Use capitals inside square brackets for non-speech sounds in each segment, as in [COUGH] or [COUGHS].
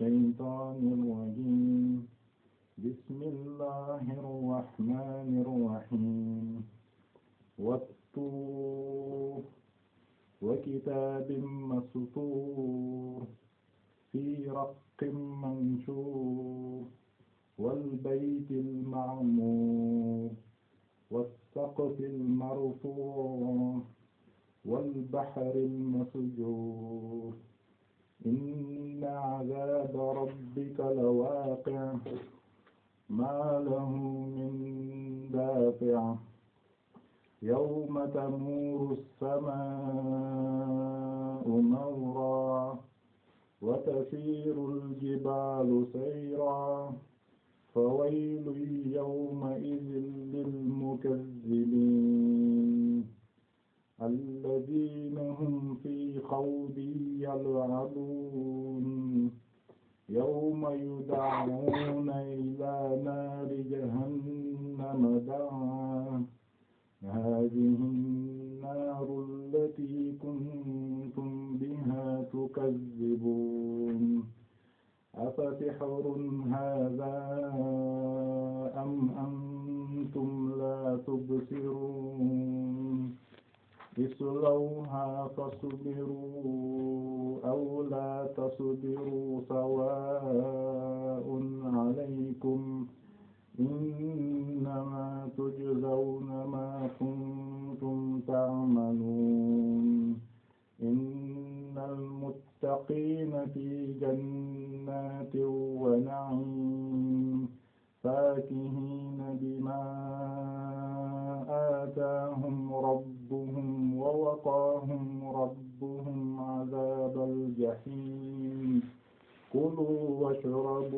الشيطان الرجيم بسم الله الرحمن الرحيم والطور وكتاب مسطور في رق منشور والبيت المعمور والسقف المرفوع والبحر ما له من دافع يوم تمور السماء مورا وتسير الجبال سيرا فويل يومئذ للمكذبين الذين هم في خوض يلعبون yawma yud'awna ilaa naari jahannama da'aa haadihi nnaaru allatii kuntum bihaa tukazzibuun afasihrun haadhaa am antum laa tubsiruun اصلوها فاصبروا أو لا تصبروا سواء عليكم إنما تجزون ما كنتم تعملون إن المتقين في جنات ونعيم فاكهين بما آتاهم ربهم فوقاهم ربهم عذاب الجحيم كلوا واشربوا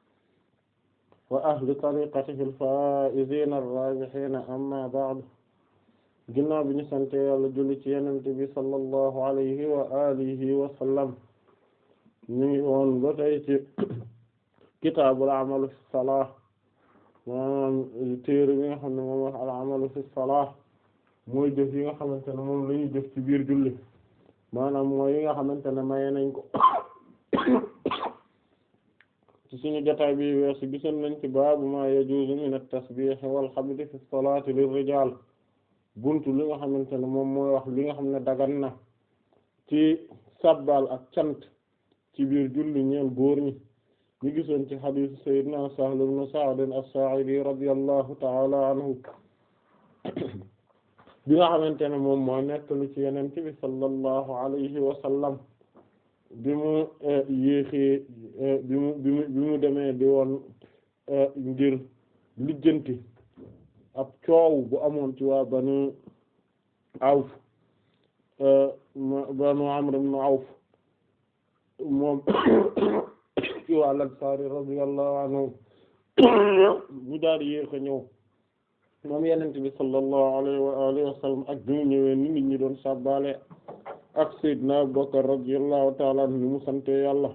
wa ahli tariqatihi al-faa'iziina ar-raabihiina amma ba'du ginnaaw bi ñu sante yàlla julli ci yenente bi sallallahu alayhi wa alihi wa sallam ñu ngi woon ba tey ci [COUGHS] kitaabul amalu fi salaah moom téere bi nga xam ne moom wax al amalu salaah mooy jëf yi nga xamante ne moom la ñuy jëf ci biir julli maanaam mooy yi nga xamante ne maye nañ ko [COUGHS] ci suñu jotaay bi weesu gisoon nañ ci baabu ma yajuuzu min at-tasbih wal hamd fi salaati lir-rijaal buntu li nga xamante ne moom mooy wax li nga xam ne dagan na ci sabbal ak cant ci biir julli ñeel góor ñi ñu gisoon ci hadiis sayyidina Sahl ibn Sa'd as-Saa'idi radiyallahu ta'ala anhu bi nga xamante ne moom moo nettali ci Yonent bi sallallahu alayhi wa bi mu eh, yéexee eh, bi mu bi mu bi mu demee di woon eh, ngir lijjanti ab coow bu amoon ci waa banu awf moom [COUGHS] ci waa Ansaari radiyallahu anhu [COUGHS] mu daal yéex a ñëw moom Yonent bi sallallahu alayhi wa alihi wa ak bi mu ñëwee nit ñi doon sàbbaale ak Seydina Abubakar radiyallahu ta'ala anhu mu sante yàlla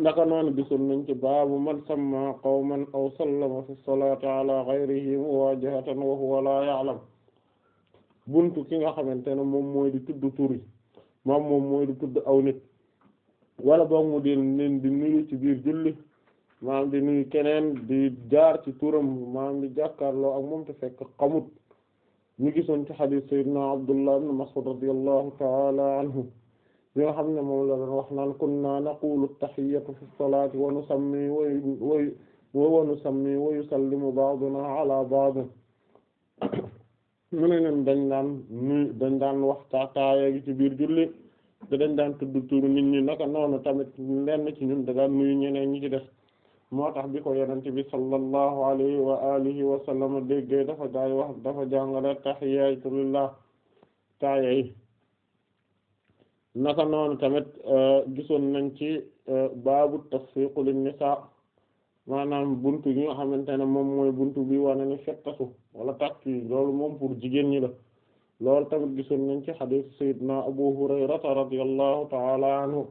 naka noonu gisul nañ ci baabu man samma qawman aw sallama fi salaati ala ghayrihim wajahatan wa huwa la ya'lam buntu ki nga xamante ne moom mooy di tudd tur yi moom mooy di tudd aw nit wala boog mu di nuyu ci biir julli maam di nuyu keneen di jaar ci turam maam di jàkkaarloo ak moom te fekk xamut ñu gisoon ci xadiis sayyidina Abdullah ibn Mas'ud radiyallahu ta'ala anhu bi nga xam ne moom la doon wax naan kunna naqulu at-tahiyyatu fi as-salati wa nusammi wa nusammi wa yusallimu ba'duna ala ba'd mu ne leen dañ daan nuyu dañ daan wax taataaya gi ci biir julli te dañ daan tudd turu nit ñi naka noonu tamit lenn ci ñun da daan nuyu ñeneen ñi ci def moo tax bi ko yenente bi sallallahu alayhi wa alihi wa sallam déggee dafa daay wax dafa jàngale tahiyatu lillah taaya yi naka noonu tamit euh, gisoon nañ ci euh, baabu tasfiqu lin nisaa maanaam buntu yi nga xamante ne moom mooy buntu bi wane ni fettasu wala tàkk yi loolu moom pour jigéen ñi la loolu tamit gisoon nañ ci hadith sayyidina abu hurayrata radiyallahu ta'ala anhu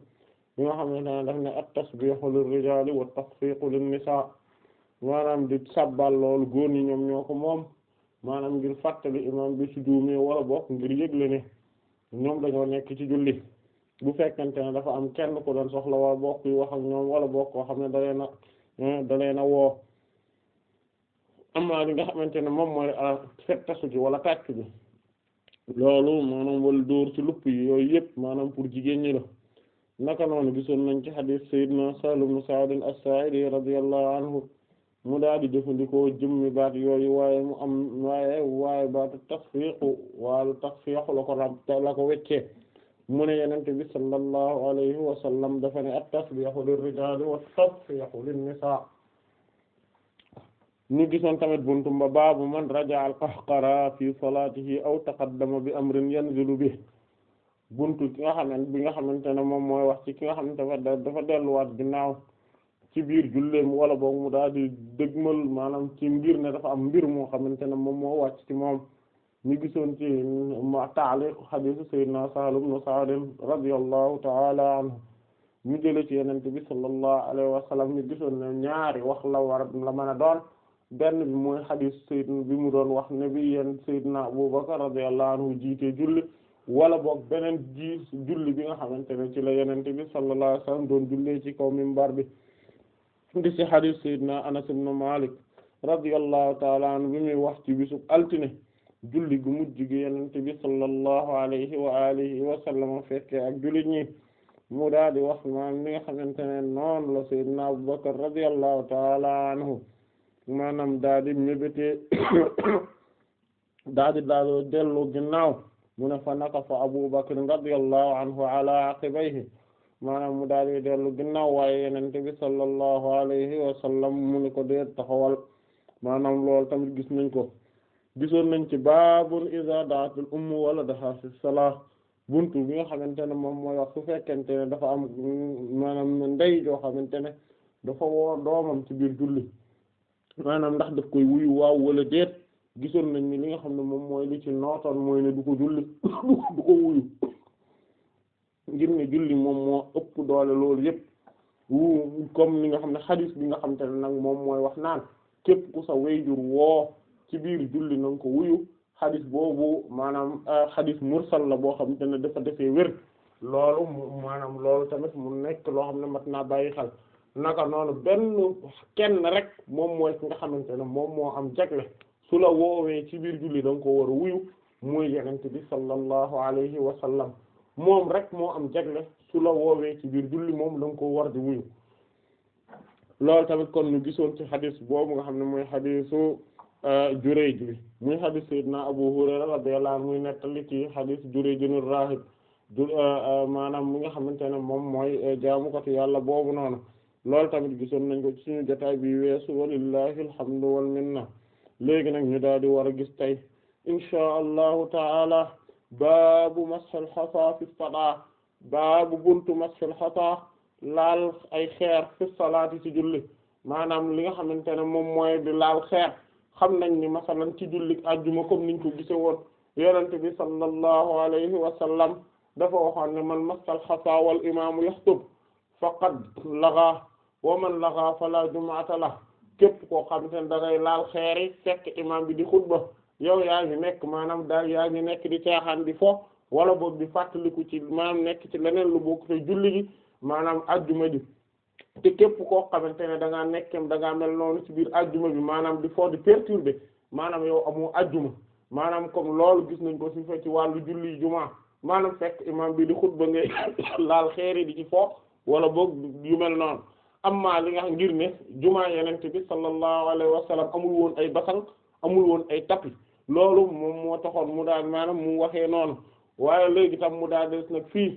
bi nga xam ne dana def ne at-tasbihu lir-rijali wa tasfiqu lin-nisaa maanaam di sabbal loolu góor ñi ñoom ñoo ko moom maanaam ngir fàttali imam bi ci juumee wala bokk ngir yëgle ne ñoom dañoo nekk ci julli bu fekkente ne dafa am kenn ku doon soxla wala bokk yi wax ak ñoom wala bokk koo xam ne da leen a eh, da leen a woo amma li nga xamante ne moom mooy ah, fettasu gi wala tàcc gi loolu maanaam wala dóor ci lupp yi yooyu yëpp maanaam pour jigéen ñi la naka noonu gisoon nañ ci hadith sayyidina Sahl ibn Sa'd as-Sa'idi radiyallahu anhu mu daal di jëfandikoo jëmmi baat yooyu waaye mu am waaye waaye baatu tasfiiqu waalu tasfiiqu la ko rab la ko weccee mu ne yenente bi sallallahu alayhi wa sallam dafa ne at-tasbiihu lir-rijaali wat-tasfiiqu lin-nisaa ñu tamit buntum ba baabu man raja'a al-qahqara fi salaatihi aw taqaddama bi amrin yanzilu bihi buntu ki nga xamante bi nga xamante ne moom mooy wax ci ki nga xamante ne dafa delluwaat ginnaaw ci biir julleem wala boog mu daal di dëgmal maanaam ci mbir ne dafa am mbir moo xamante ne moom moo wàcc ci moom ñu gisoon ci ma taaliq xadiisu sayyidina Sahl ibn Sa'd radiyallahu ta'ala anhu ñu jële ci yenent bi sallallahu alayhi wa sallam gisoon ne ñaari wax la war la mën a doon benn bi mooy xadiisu sayyidina bi mu doon wax ne bi yeen sayyidina Abu Bakr jiitee julli wala boog beneen jiir julli bi nga xamante ne ci la yenente bi sallallahu alayhi wasallam doon jullee ci kaw minbar bi di ci hadith sayyidina Anas ibn Malik radiyallahu ta'ala anhu bi muy wax ci bisub altine julli gu mujj gi yenente bi sallallahu alayhi wa alihi wa sallam fekkee ak jullit ñi mu daal wax maanaam mi nga xamante ne noonu la sayyidina Abu Bakr ta'ala anhu maanaam daal di mébétee [COUGHS] daal di daal delloo ginnaaw mu ne fa nakafa Abu Bakr radiyallahu anhu ala aqibayhi maanaam mu daal dellu ginnaaw waaye yeneen bi sallallahu alayhi wa sallam mu ne ko déet taxawal maanaam loolu tamit gis nañ ko gisoon nañ ci baabun iza da'atil wala waladaha fi salah buntu bi nga xamante ne moom mooy wax ne dafa am maanaam ndey joo xamante ne dafa woo doomam ci biir julli maanaam ndax daf koy wuyu waaw wala déet gisoon nañ ni li nga xam ne moom mooy li ci nootoon mooy ne du ko julli du ko wuyu ngir ne julli moom moo ëpp doole loolu yëpp wu comme li nga xam ne xadis bi nga xam te ne nag moom mooy wax naan képp ku sa wayjur woo ci biir julli na nga ko boobu maanaam euh, xadis mursal la boo xam te ne dafa defee wér loolu maanaam loolu tamit mu nekk loo xam ne mat naa bàyyi xel naka noonu benn kenn rek moom mooy ki nga xamante ne moom moo am jagle su la woowee ci biir julli da nga ko war a wuyu mooy yenente bi sallallahu alayhi wa sallam moom rek moo am jagle sula la woowee ci biir julli moom da ko war di wuyu loolu tamit kon ñu gisoon ci xadis boobu nga xam ne mooy xadisu euh, Jurayj bi muy xadis Seydina Abu Hurayra radiyallahu anhu muy nettali ci xadis Jurayjun rahib euh, euh, maanaam mi nga xamante ne moom mooy jaamukatu yàlla boobu noonu loolu tamit gisoon nañ ko ci suñu jotaay bi weesu walillahi alhamdu wal minna léegi nag ñu di war a gis tey inchaa allahu taala baabu masxal xasaa fi salaa baabu buntu masxal xasaa laal ay xeer fi salaati ci julli maanaam li nga xamante ne moom mooy di laal xeer xam nañ ni masalan ci julli ajjuma comme niñ ko gise woon yonent bi sallallahu alayhi wa sallam dafa ne man masal xasaa wal imaamu yaxtub faqad lagaa wa man lagaa fala jumu'ata lahu képp koo xam ne da ngay laal xeer yi fekk imam bi di xutba yow yaa bi nekk maanaam daal yaa ngi nekk di caaxaan di fo wala boobu di fàttaliku ci maanaam nekk ci leneen lu bokk te julli gi maanaam ajjuma ji te képp koo xamante ne da ngaa nekkem da ngaa mel noonu ci biir ajjuma bi maanaam di fo di perturber maanaam yow amoo ajjuma maanaam comme loolu gis nañ ko ci fa ci wàllu julli juma maanaam fekk imam bi di xutba ngay [COUGHS] laal xeer di ci fo wala boog yu mel noonu amma li nga xam ngir ne jumaa yenent bi sallallahu alayhi wa sallam amul woon ay basang amul woon ay tapis loolu moom moo taxoon mu daal maanaam mu waxee noonu waaye léegi tam mu daal des nag fii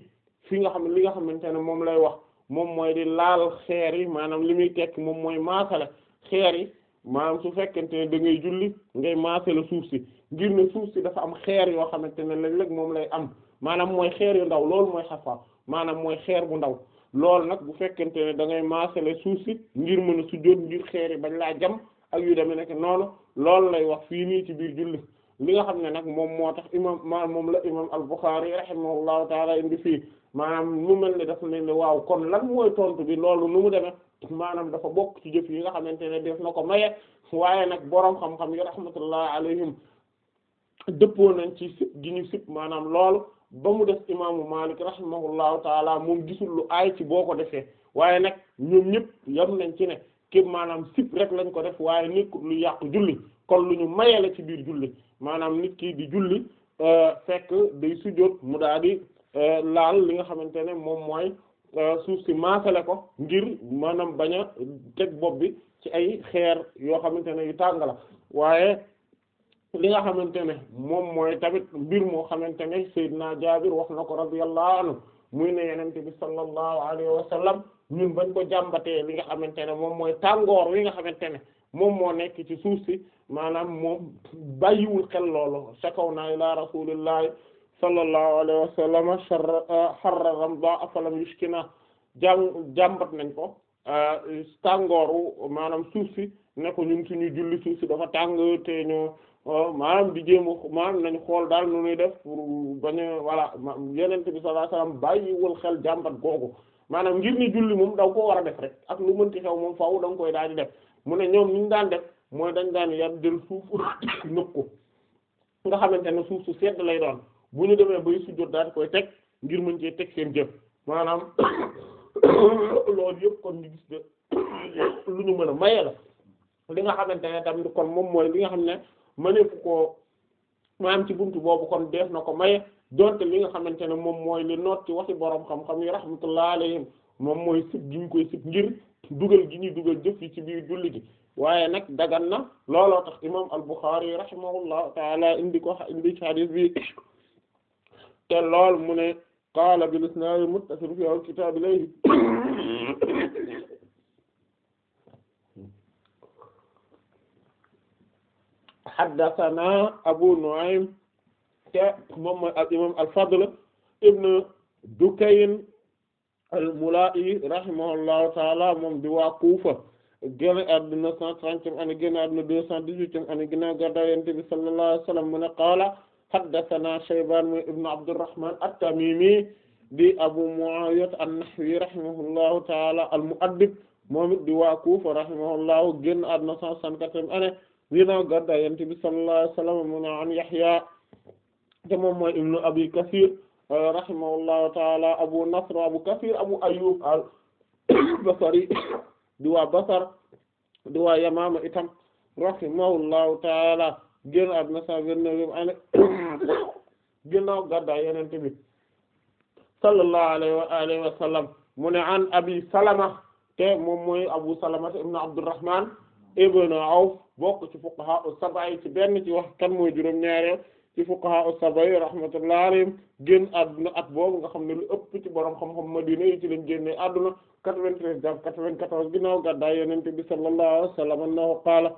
fii nga xam ne li nga xamante ne moom lay wax moom mooy di laal xeer yi maanaam li muy tekki moom mooy maasale xeer yi maanaam su fekkente ne da ngay julli ngay maasale suuf si ngir ne suuf si dafa am xeer yoo xamante ne léeg-léeg moom lay am maanaam mooy xeer yu ndaw loolu mooy xafaaf maanaam mooy xeer bu ndaw loolu nag bu fekkente ne da ngay maasale suuf si ngir mën su sujjóot ngir xeeri bañ laa jam ak yu demee nekk noonu loolu lay wax fii nii ci biir julli li nga xam ne nag moom moo tax imam ma moom la imam al-Bukhari rahimahullahu taala indi fii maanaam mu mel ne dafa leen ne waaw kon lan mooy tontu bi loolu nu mu demee maanaam dafa bokk ci yi nga xamante ne def na ko maye waaye nag boroom xam-xam yi rahmatullah alayhim dëppoo nañ ci sip gi ñu sip maanaam loolu ba mu des imaamu Maalik rahimahullahu taala moom gisul lu aay ci boo ko defee waaye nag ñoom ñëpp yam nañ ci ne képp maanaam sip rek lañ ko def waaye nekkul lu yàq julli kon lu ñu mayee la ci biir julli maanaam nit kii di julli euh, fekk day sujjóot mu daal di euh, laal li nga xamante ne moom mooy euh, suuf si maasale ko ngir maanaam bañ a teg bopp bi ci ay xeer yoo xamante ne yu tàng la waaye li nga xamante ne moom mooy tamit mbir moo xamante ne Seydina Jaabir wax na ko radiyallahu anhu muy ne yenente bi sallallahu alayhi wa sallam ñun bañ ko jàmbatee li nga xamante ne moom mooy tàngoor wi nga xamante ne moom moo nekk ci suuf si maanaam moom bàyyiwul xel loolu sakaw naa ila rasulillahi sallallahu alayhi wa sallam harra ramda afalam yushkina jàm jàmbat nañ ko euh, tàngooru maanaam suuf si ne ko ñun suñu julli suuf dafa tàng te ñu maanaam di jéem a maanaam nañu xool daal nu ñuy def pour bañ a voilà yeneen bi sallallahu alayhi wasallam bàyyiwul xel jàmbat googu maanaam ngir ni julli moom daw ko war a def rek ak lu mënti xew moom faaw da nga koy daal def mu ne ñoom ni ñu daan def mooy dañ daan yar jël suuf [COUGHS] nëb ko nga xamante ne suuf su sedd lay doon bu ñu demee bay sujjóot daal di koy teg ngir mën cee teg seen jëf maanaam [COUGHS] loolu yëpp kon ñu gis ne [COUGHS] lu ñu mën a maye la li nga xamante ne tamit kon moom mooy li nga xam ne. maneefu ko maam ci buntu boobu kon def na ko maye donte li nga xamante ne moom mooy li noot ci waxi borom xam-xam yi rahmatullah alayhim moom mooy sib gi ñu koy sib ngir dugal gi ñuy dugal jëf yi ci biir julli gi waaye nag dagan na looloo tax imam al-Bukhari rahimahullahu taala indi ko indi hadith bi te lool mu ne qaala bil isnaad muttasil fi al kitaab ilayhi haddathana Abu Nu'aym te moom mooy al imam al Fadl ibn Dukayn al Mula'i rahimahullahu ta'ala moom di waa Kufa génn àdduna cent trentième année génn àdduna deux cent dix-huitième année ginnaaw gàddaay Yonent bi sallallahu alayhi wa sallam mu ne qaala haddathana Shaybaan mooy ibn Abdurrahman at-Tamimi di Abu Mu'awiya an-Nahwi rahimahullahu ta'ala al-Mu'addib moom it di waa Kufa rahimahullahu génn àdduna cent soixante-quatrième année ginnaaw gàddaay yonent bi sallallahu alayhi wa sallam mu ne an Yahya te moom mooy ibnu Abi Kathir rahimahullahu taala Abu Nasr Abu Kathir Abu Ayyub al-Basri [COUGHS] di waa Basar di waa Yamama itam rahimahullahu taala génn àdduna cent vingt-neuvième année [COUGHS] ginnaaw gàddaay yonent bi sallallahu alayhi wa alihi wa sallam mu ne an Abi Salama te moom mooy Abu Salama ibnu Abdurrahman ibn Awf bokk ci fuqaha as-sab'a ci benn ci wax kan mooy juróom-ñaareel ci fuqaha as-sab'a rahmatullahi alayhim génn àdduna at boobu nga xam ne lu ëpp ci borom xam-xam Madina yi ci lañ génnee àdduna 93 jàpp 94 ginnaaw gàddaay Yonent bi sallallahu alayhi wa sallam annahu qaala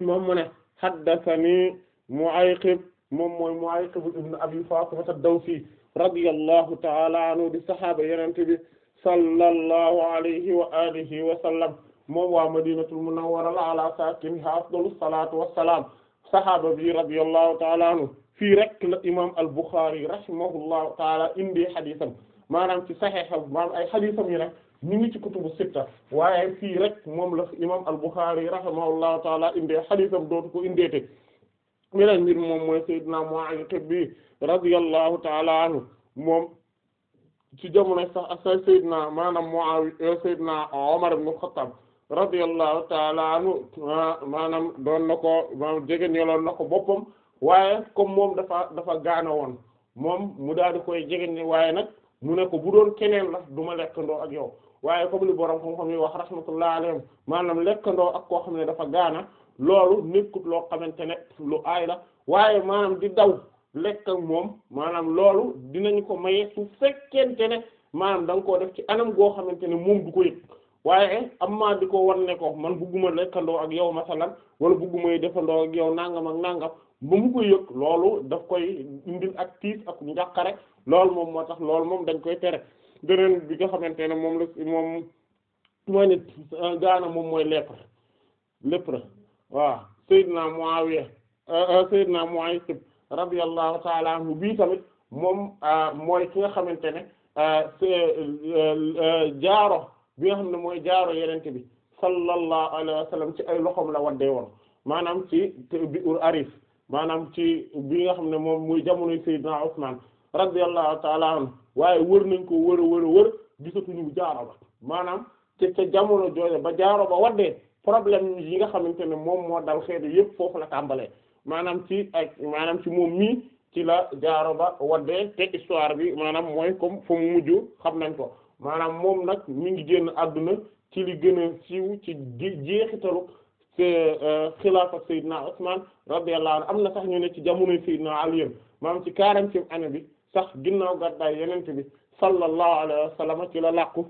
moom mu ne haddathani Mu'ayqib moom mooy Mu'ayqib ibn Abi Fatima ad-Dawsi radiyallahu ta'ala anhu di saxaaba Yonent bi sallallahu alayhi wa alihi wa sallam moom waa madinatul munawwara la ala sakin afdalu salaatu wassalaam sahaaba bi radiyallahu taala anhu fii rek la imam al-Bukhari rahimahullahu taala indi xadisam maanaam ci saxeexam maanaam ay xadisam yi nag ñu ngi ci kutubu sitta waaye fii rek moom la imam al-Bukhari rahimahullahu taala indee xadisam dootu ko indeete beneen mbir moom mooy sayyidina Mu'aaz bi radiyallahu taala anhu moom ci jamono sax ak sayyidina maanaam Mu'aaz sayyidina Umar ibn Khattab radiyallahu taala anhu maanaam doon na ko maanaam jege ñeloon na ko boppam waaye comme moom dafa dafa gaana woon moom mu daal di koy jege ne waaye nag mu ne ko bu doon keneen la du ma lekkandoo ak yow waaye comme li borom xam-xam yi wax rahmatullah alayhim maanaam lekkandoo ak koo xam ne dafa gaana loolu nekkut loo xamante ne lu aay la waaye maanaam di daw lekk ak moom maanaam loolu dinañ ko maye su fekkente ne maanaam da nga koo def ci anam goo xamante ne moom du waaye am maa di ko wan ne ko man bugguma lekkandoo ak yow masalan wala buggumay defandoo ak yow nangam ak nangam ba koy yëg loolu daf koy indil ak tiis ak njàqare loolu moom moo tax loolu moom dañ koy tere beneen bi nga xamante ne moom la moom mooy gaana moom mooy lèpre lèpre waaw Seydina Muawiya euh, euh, Seydina Muawiya sib radiyallahu ta'ala anhu bii tamit moom euh, mooy ki nga xamante ne jaaro bi nga xam ne mooy jaaro yenente bi sallallahu alayhi wa ci ay loxoom la waddee woon maanaam ci bi ur arif maanaam ci bi nga xam ne moom muy jamonoy Seydina Usman radiyallahu ta'ala anhu waaye wër nañ ko wër wër wër gisatuñu jaaro ba maanaam te ca jamono jooja ba jaaro ba waddee problème yi nga xamante ne moom moo dal xeetu yépp foofu la tàmbalee maanaam ci ak maanaam ci moom mii ci la jaaro ba waddee te histoire bi maanaam mooy comme fu mu xam nañ ko maanaam moom nag mi ngi génn àdduna ci li gën a siiw ci jeexitalu euh, xilaafa Seydina Usmaan radiyallahu anhu am na sax ñu ne ci jamonoy Seydina Ali maanaam ci quarantième année bi sax ginnaaw gàddaay yenente bi sallallahu alayhi wa sallam ci la làqu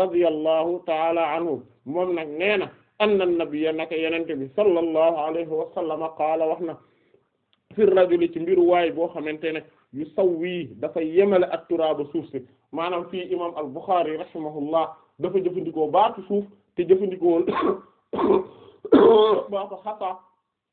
radiyallahu taala anhu moom nag nee na anna nabiyya naka yenente bi sallallahu alayhi wa sallam qaala wax na fi rajuli ci mbiru waay boo xamante ne yu sawwi dafa yemale ak turaaba suuf si maanaam fii imaam al-Bukhari rahimahullah dafa jëfandikoo baatu suuf te jëfandikoo [COUGHS] baatu xasa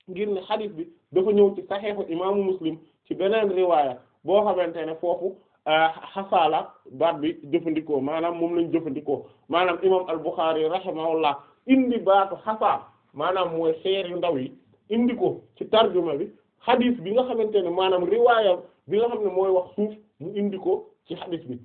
ngir ne xadiis bi dafa ñëw ci saxiixu imaamu muslim ci beneen riwaaya boo xamante ne foofu euh, xasaala baat bi jëfandikoo maanaam moom lañ jëfandikoo maanaam imaam al-Bukhari rahimahullah indi baatu xasa maanaam mooy xeer yu ndaw yi indi ko ci tarjuma bi xadis bi nga xamante ne maanaam riwaayam bi nga xam ne mooy wax suuf mu indi ko ci xadis bi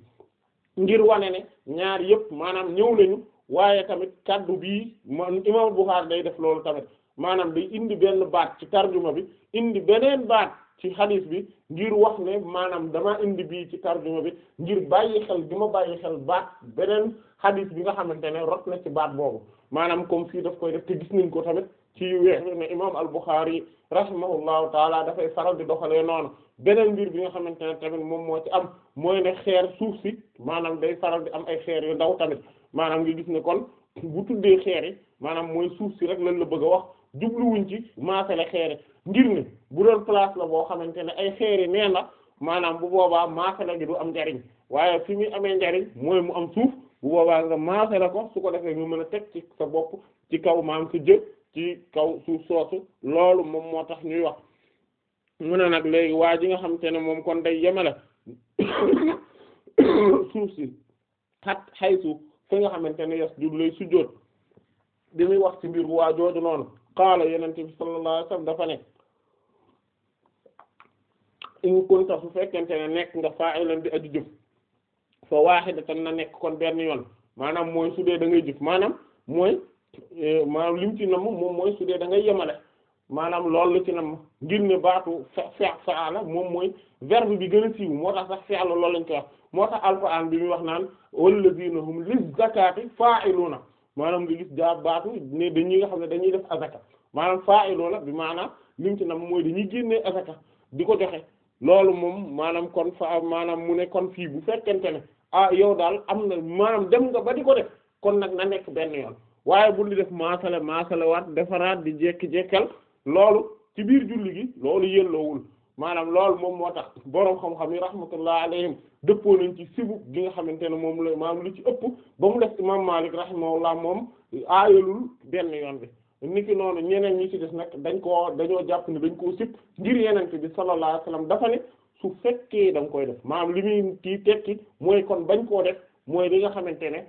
ngir wane ne ñaar yëpp maanaam ñëw nañu waaye tamit kaddu bii man bu Buxaari day def loolu tamit maanaam day indi benn baat ci tarjuma bi indi beneen baat ci xadis bi ngir wax ne maanaam damaa indi bii ci tarjuma bi ngir bàyyi xel bi ma bàyyi xel baat beneen xadis bi nga xamante ne rot na ci baat boobu maanaam comme fii daf koy def te gis nañ ko tamit ci yu weex ne imam al-Bukhari rahimahullahu taala dafay faral di doxalee noonu beneen mbir bi nga xamante ne tamit moom moo ci am mooy ne xeer suuf si maanaam day faral di am ay xeer yu ndaw tamit maanaam nga gis ne kon bu tuddee xeer maanaam mooy suuf si rek lan la bëgg a wax jubluwuñ ci maasale xeer yi ngir ne bu doon place la boo xamante ne ay xeer yi nee na maanaam bu boobaa maasale gi du am njariñ waaye fi muy amee njariñ mooy mu am suuf bu boobaa nga maasale ko su ko defee ñu mën a teg ci sa bopp ci kaw maam sa jë ci kaw suuf soosu loolu moom moo tax ñuy wax mu ne nag léegi waa ji nga xam te ne moom kon day yemale [COUGHS] suuf si xat xay suuf fi nga xamante ne yas jub lay sujjóot bi muy wax ci biir waa jooju noonu qaala yenente bi sallallahu alayhi wasallam dafa ne fekkente ne nekk nga fa'ilan di aju jëf fa waahidatan na nekk kon benn yoon maanaam mooy su dee da jëf maanaam mooy Eh, maanaam lim ci nam moom mooy su dee da ngay yemale maanaam loolu la ci nam ngir ne baatu fa faala moom mooy verbe bi gën a siiw moo tax sax fi'la loolu lañ koy wax moo tax alxuraan bi muy wax naan walladina hum li zakati fa'iluna maanaam nga gis daa baatu ne nga xam ne dañuy def azaka maanaam fa'iluna bi maanaam lim ci nam mooy dañuy génnee azaka di ko joxe loolu moom maanaam kon fa maanaam mu ne kon fii bu fekkente ne ah yow daal am na maanaam dem nga ba di ko def kon nag na nekk benn yoon waaye bu ñu def maasale maasale waat defaraat di jekki-jekkal loolu ci biir julli gi loolu yelloowul maanaam loolu moom moo tax boroom xam-xam yi rahmatullah alayhim dëppoo nañ ci sibu gi nga xamante ne moom la maam lu ci ëpp ba mu def imam Malik rahimahullah moom aayalul benn yoon bi niki noonu ñeneen ñi ci des nag dañ koo dañoo jàpp dañ koo sib ngir yeneen bi sallallahu alayhi wasallam dafa ne su fekkee da nga koy def maanaam li muy kii tekki mooy kon bañ koo def mooy li nga xamante ne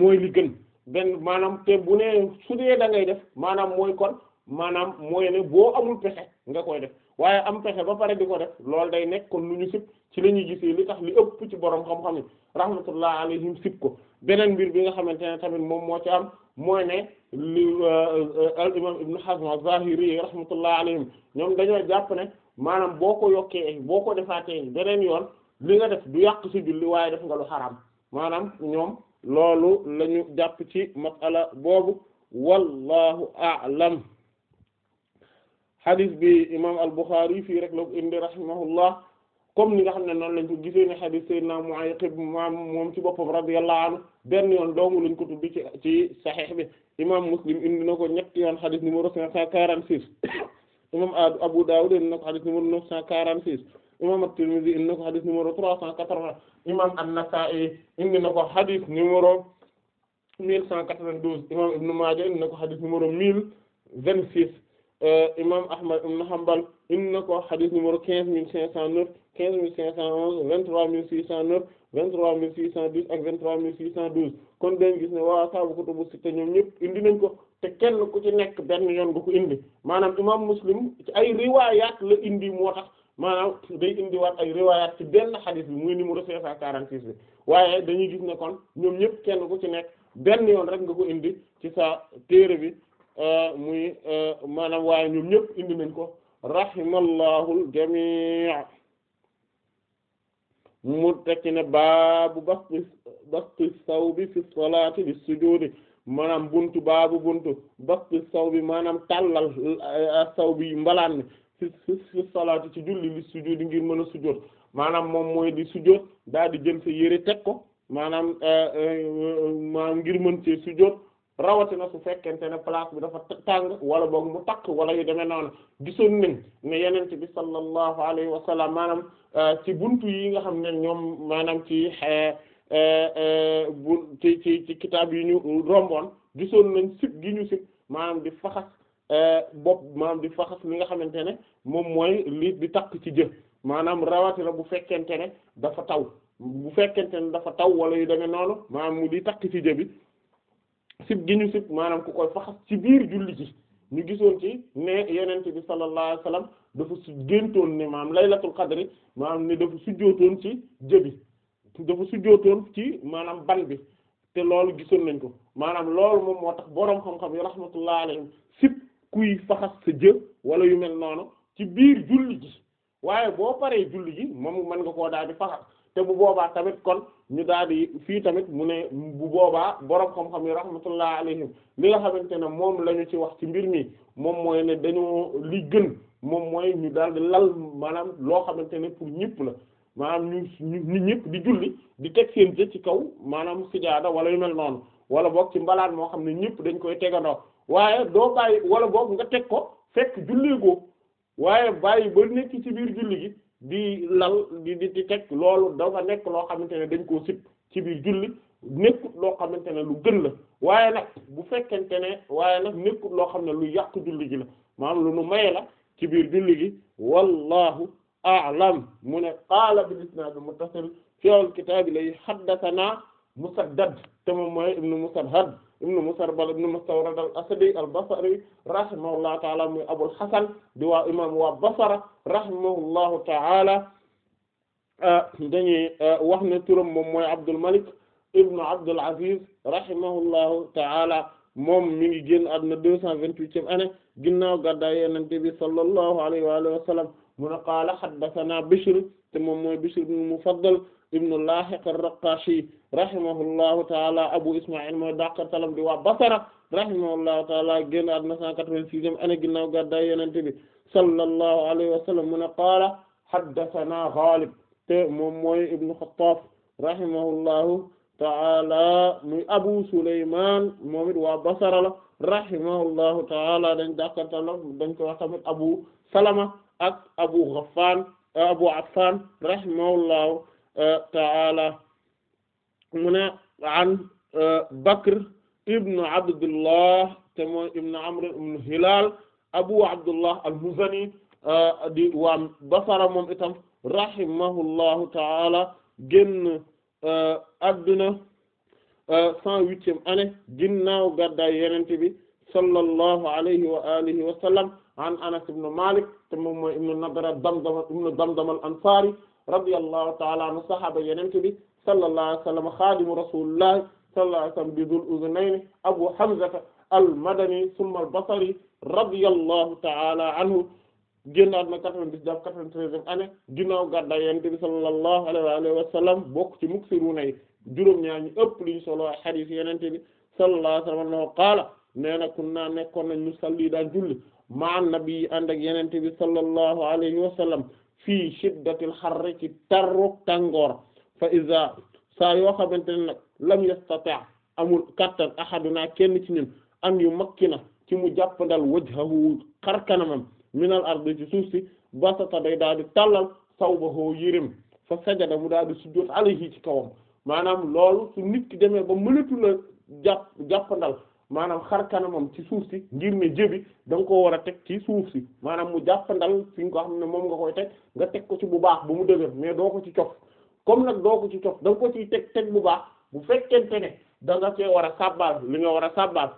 mooy li gën benn maanaam te bu ne su dee da ngay def maanaam mooy kon maanaam mooy ne boo amul pexe nga koy def waaye am pexe ba pare di ko def loolu day nekk kon lu ñu sib ci la ñuy gisee li tax li ëpp ci borom xam-xam yi rahmatullah alayhim sib ko beneen mbir bi nga xamante ne tamit moom moo ci am mooy ne li euh, al imam Ibn Hazm az-Zahiri yi rahmatullah ñoom dañoo jàpp ne maanaam boo ko yokkee boo ko defaatee beneen yoon li nga def du yàq si julli waaye def nga lu xaraam maanaam ñoom loolu lañu jàpp ci masala boobu wallahu a'lam xadis bi imam al-Bukhari fii rek la ko indi rahimahullah comme ni nga xam ne noonu lañ ko gisee ne xadis Seydina Mu'ayqib maam moom ci boppam radiyallahu anhu benn yoon doomu lañ ko tudd ci ci saxiix bi imam Muslim indi na ko ñetti yoon xadis numéro cinq cent quarante six [COUGHS] imam Abu Dawud indi na ko xadis numéro neuf cent quarante six imam at-Tirmidhi indi na ko xadis numéro trois cent quatre-vingt imam an-Nasa'i indi na ko xadis numéro mille cent quatre-vingt-douze imam Ibn Maaja indi na ko xadis numéro mille vingt-six euh, imam Ahmad ibn Hanbal indi na ko xadis numéro quinze mille cinq cent neuf quinze mille cinq cent onze vingt-trois mille six cent dix ak vingt-trois mille six cent douze kon dañ gis ne waa saabu kutubu sitta ñoom ñëpp indi nañ ko te kenn ku ci nekk benn yoon nga ko indi maanaam imam Muslim ci ay maanaam day indiwaat ay riwaayaat ci benn xadis bi muy numéro 546 bi waaye dañuy gis ne kon ñoom ñëpp kenn ku ci nekk benn yoon rek nga ko indi ci sa téere bi euh, muy euh, maanaam waaye ñoom ñëpp indi nañ ko rahimallahu al-jamii mu tekki ne baabu basti basti sawbi fi salaati li sujuudi maanaam buntu baabu buntu basti sawbi maanaam tàllal euh, bi mbalaan mi fi fi salaatu ci julli li sujjóot ngir mën a sujjóot maanaam moom mooy di sujjóot daal di jël sa yére teg ko maanaam eh, eh, maanaam ngir mën si sujjóot rawatina su fekkente ne place bi dafa tàng wala boog mu takk wala yu demee noonu gisoon nañ ne yenent bi sallallahu alayhi wa sallam maanaam eh, ci bunt yi nga xam ne ñoom maanaam ci bu ci ci ci kitaab yi ñu romboon gisoon nañ sib gi ñu sib maanaam di faxas Euh, bopp maanaam di faxas li nga xamante ne moom mooy li di takk ci jë maanaam rawatina bu fekkente ne dafa taw bu fekkente ne dafa taw wala yu demee noonu maanaam mu di takk ci jë bi sib gi ñu sib maanaam ku koy faxas ci biir julli ji ñu gisoon ci ne yonent bi sallallahu alayhi wasallam dafa su géntoon ne maanaam laylatul qadri maanaam ne dafa sujjootoon ci jë bi dafa sujjootoon ci maanaam ban bi te loolu gisoon nañ ko maanaam loolu moom moo tax boroom xam-xam yi rahmatullah alayhim sib kuy faxas sa jë wala yu mel noonu ci biir julli ji waaye boo paree julli ji moom mën nga koo daal di faxas te bu boobaa tamit kon ñu daal di fii tamit mu ne bu boobaa borom xam-xam yi rahmatullah alayhim li nga xamante ne moom lañu ci wax ci mbir mi moom mooy ne dañoo li gën moom mooy ñu daal di lal maanaam loo xamante ne pour ñëpp la maanaam ñu nit ñëpp di julli di teg seen jë ci kaw maanaam sijaada wala yu mel noonu wala boog ci mbalaat moo xam ne ñëpp dañ koy tegandoo waaye doo bàyyi wala boobu nga teg ko fekk julli ko waaye bàyyi ba nekk ci biir julli gi di lal di di teg loolu dafa nekk loo xamante ne dañ koo sip ci biir julli nekkut loo xamante ne lu gën la waaye nag bu fekkente ne waaye nag nekkut loo xam ne lu yàq julli gi la maanaam lu nu maye la ci biir julli gi wallahu a'lam mu ne qaala bil isnaad al muttasil fi al kitaab lay haddathana musaddad te moom mooy ibnu ibnu Musarbal ibnu Mustawrad al-Asadi al-Basri rahimahullahu ta'ala muy Abul Hasan di waa imam waa Basra rahimahullahu ta'ala dañuy eh, wax ne turam moom mooy Abdul Malik ibnu Abdul Aziz rahimahullahu ta'ala moom mi ngi génn àdduna deux cent vingt-huitième année ginnaaw gàddaay Yonent bi sallallahu alayhi wa alihi wa sallam mu ne qaala haddathana Bishr te moom mooy Bishr ibnu Mufaddal ibnu Lahiq ar-Raqashi rahimahullahu taala Abu Isma'il mooy dàqar talam di waa Basra rahimahullahu taala génn àdduna 186e année ginnaaw gàddaay Yonent bi sallallahu alayhi wa sallam mu ne qaala haddathana Ghalib te moom mooy ibnu Khattaf rahimahullahu taala muy Abu Sulayman moom it waa Basra la rahimahullahu taala dañ dàqar talam dañ ko wax tamit Abu Salama ak Abu Ghaffan Abu Affan rahimahullahu ta'ala mu ne an e, Bakr ibn Abdullah te mooy ibn Amr ibn Hilal Abu Abdullah al-Muzani e, di waa Basra moom itam rahimahullahu ta'ala génn adduna e, cent huitième année ginnaaw gàddaay Yonent bi sallallahu alayhi wa alihi wa sallam an Anas ibn Malik te moom mooy ibn Nadr ad-Damdam ibn Damdam al-Ansari radiyallahu ta'ala anhu sahaaba yenente bi sallallahu alayhi wa sallam xaadimu rasulillahi sallallahu alayhi wa sallam bi dul uznayni abu hamzata al-madani summa al-basri radiyallahu ta'ala anhu génnaat na 90 jàpp 93e année ginnaaw gàddaay yenente bi sallallahu alayhi wa sallam bokk ci muksiruna yi juróom-ñaar ñi ëpp liñ solo xadiis yenente bi sallallahu alayhi wa sallam annahu qaala nee na kunna nekkoon nañ ñu salli daan julli ma an nabi ànd ak yenente bi sallallahu alayhi wa sallam fii shiddatil xarri ci tarru tàngoor fa iza saa yoo xamante ne nag lam yastati' amul kattan na kenn ci ñun an yu makkina ci mu jàppandal wajhahu xar kanamam minal ardi ci suuf si basata day daal di tàllal sawbahu yërim fa sajada mu daal di sujjóot alayhi ci kawam maanaam lool su nit ki demee ba mënatu la jàpp jàppandal maanaam xar kanamam ci suuf si ngir ne jébbi danga nga koo war a teg ci suuf si maanaam mu jàppandal fi nga xam ne moom nga koy teg nga teg ko ci bu baax bu mu dëgër mais doo ko ci cof comme nag doo ko ci cof da nga ko ciy teg teg bu baax bu fekkente ne da nga cee war a sàbbaal li nga war a sàbbaal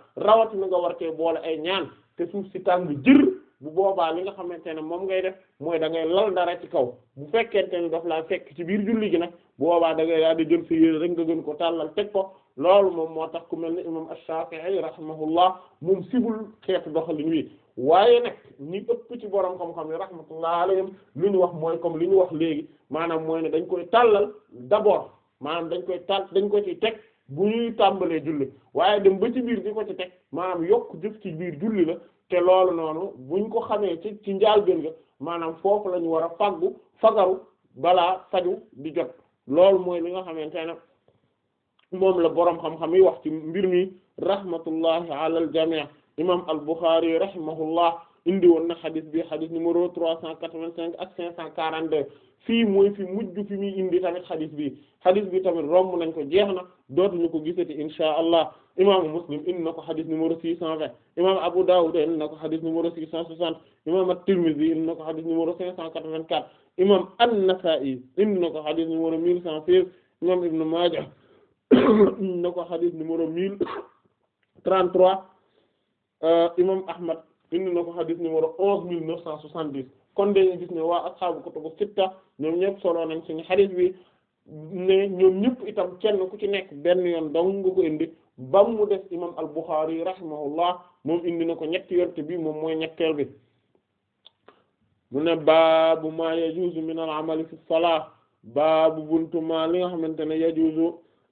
na nga war cee boole ay ñaan te suuf si tàng jër bu boobaa li nga xamante ne moom ngay def mooy da ngay lal dara ci kaw bu fekkente ne daf laa fekk ci biir julli gi nag boobaa dangay ngay daal di jël sa yére rek nga gën ko tàllal teg ko loolu moom moo tax ku mel ne imam Ash-Shafi'i rahimahullah moom sibul xeetu doxalin wi waaye nag ñi ëpp ci borom xam-xam yi rahmatullah alayhim li ñu wax mooy comme lu ñu wax léegi maanaam mooy ne dañ koy tàllal d'abord maanaam dañ koy tàll dañ ko ci teg bu ñuy tàmbalee julli waaye dem ba ci biir di ko ci teg maanaam yokk jëf ci biir julli la te loolu noonu buñ ko xamee ci ci njaal gën maanaam foofu la ñu war a faggu fagaru balaa faju di jot loolu mooy li nga xamante ne moom la boroom xam-xam yi wax ci mbir mi rahmatullahi ala al jami' imam al Bukhari rahimahullah indi woon na xadis bi xadis numéro trois cent quatre-vingt-cinq ak cinq cent quarante-deux fii mooy fi mujj fi muy indi tamit xadis bi xadis bi tamit romb nañ ko jeex na dootuñu ko gisati insha allah imaamu muslim indi na ko xadis numéro six cent vingt imaamu abu dawud indi na ko xadis numéro six cent soixante imaamu at-tirmidhi indi na ko xadis numéro cinq cent quatre-vingt-quatre imaamu an indi na ko xadis numéro mille cent seize imaamu ibn majah [COUGHS] indi na ko xadis numéro mille trente-trois euh, imaamu ahmad indi na ko xadis numéro onze mille neuf cent soixante dix kon dañu gis ne waa ashaabu kutubu sitta ñoom ñëpp solo nañ suñu xadis bi ne kenn ku ci nekk benn yoon dong ko indi ba mu des imam al-Bukhari rahimahullah moom indi na ko ñetti yoon te bii moom mooy ñetteel bi mu ne baabu ma yajuzu min al-amali fi salaa baabu buntu ma li nga xamante ne yajuzu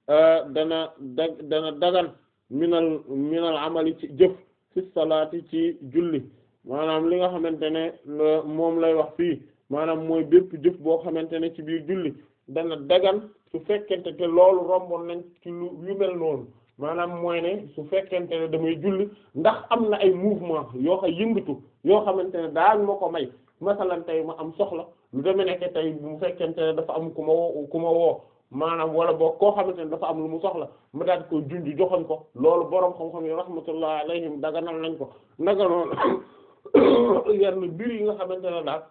eh, dana dana dagan mi al al amali ci jëf fi salaati ci julli maanaam li nga xamante ne moom lay wax fii maanaam mooy bépp jëf boo xamante ne ci biir julli dana dagan su fekkente te loolu romboon nañ ci lu mel noonu maanaam mooy ne su fekkente ne damay julli ndax am na ay mouvement yoo xam yoo xamante ne daal ma ko may masalan tey ma am soxla lu demee nekk tey bu fekkente ne dafa am ku ma ku ma woo maanaam wala boo koo xamante ne dafa am lu mu soxla ma daal di koy junj joxoñ ko loolu borom xam-xam yi rahmatullah alayhim daganal nañ ko naka noonu [COUGHS] yenn mbir yi nga xamante ne daal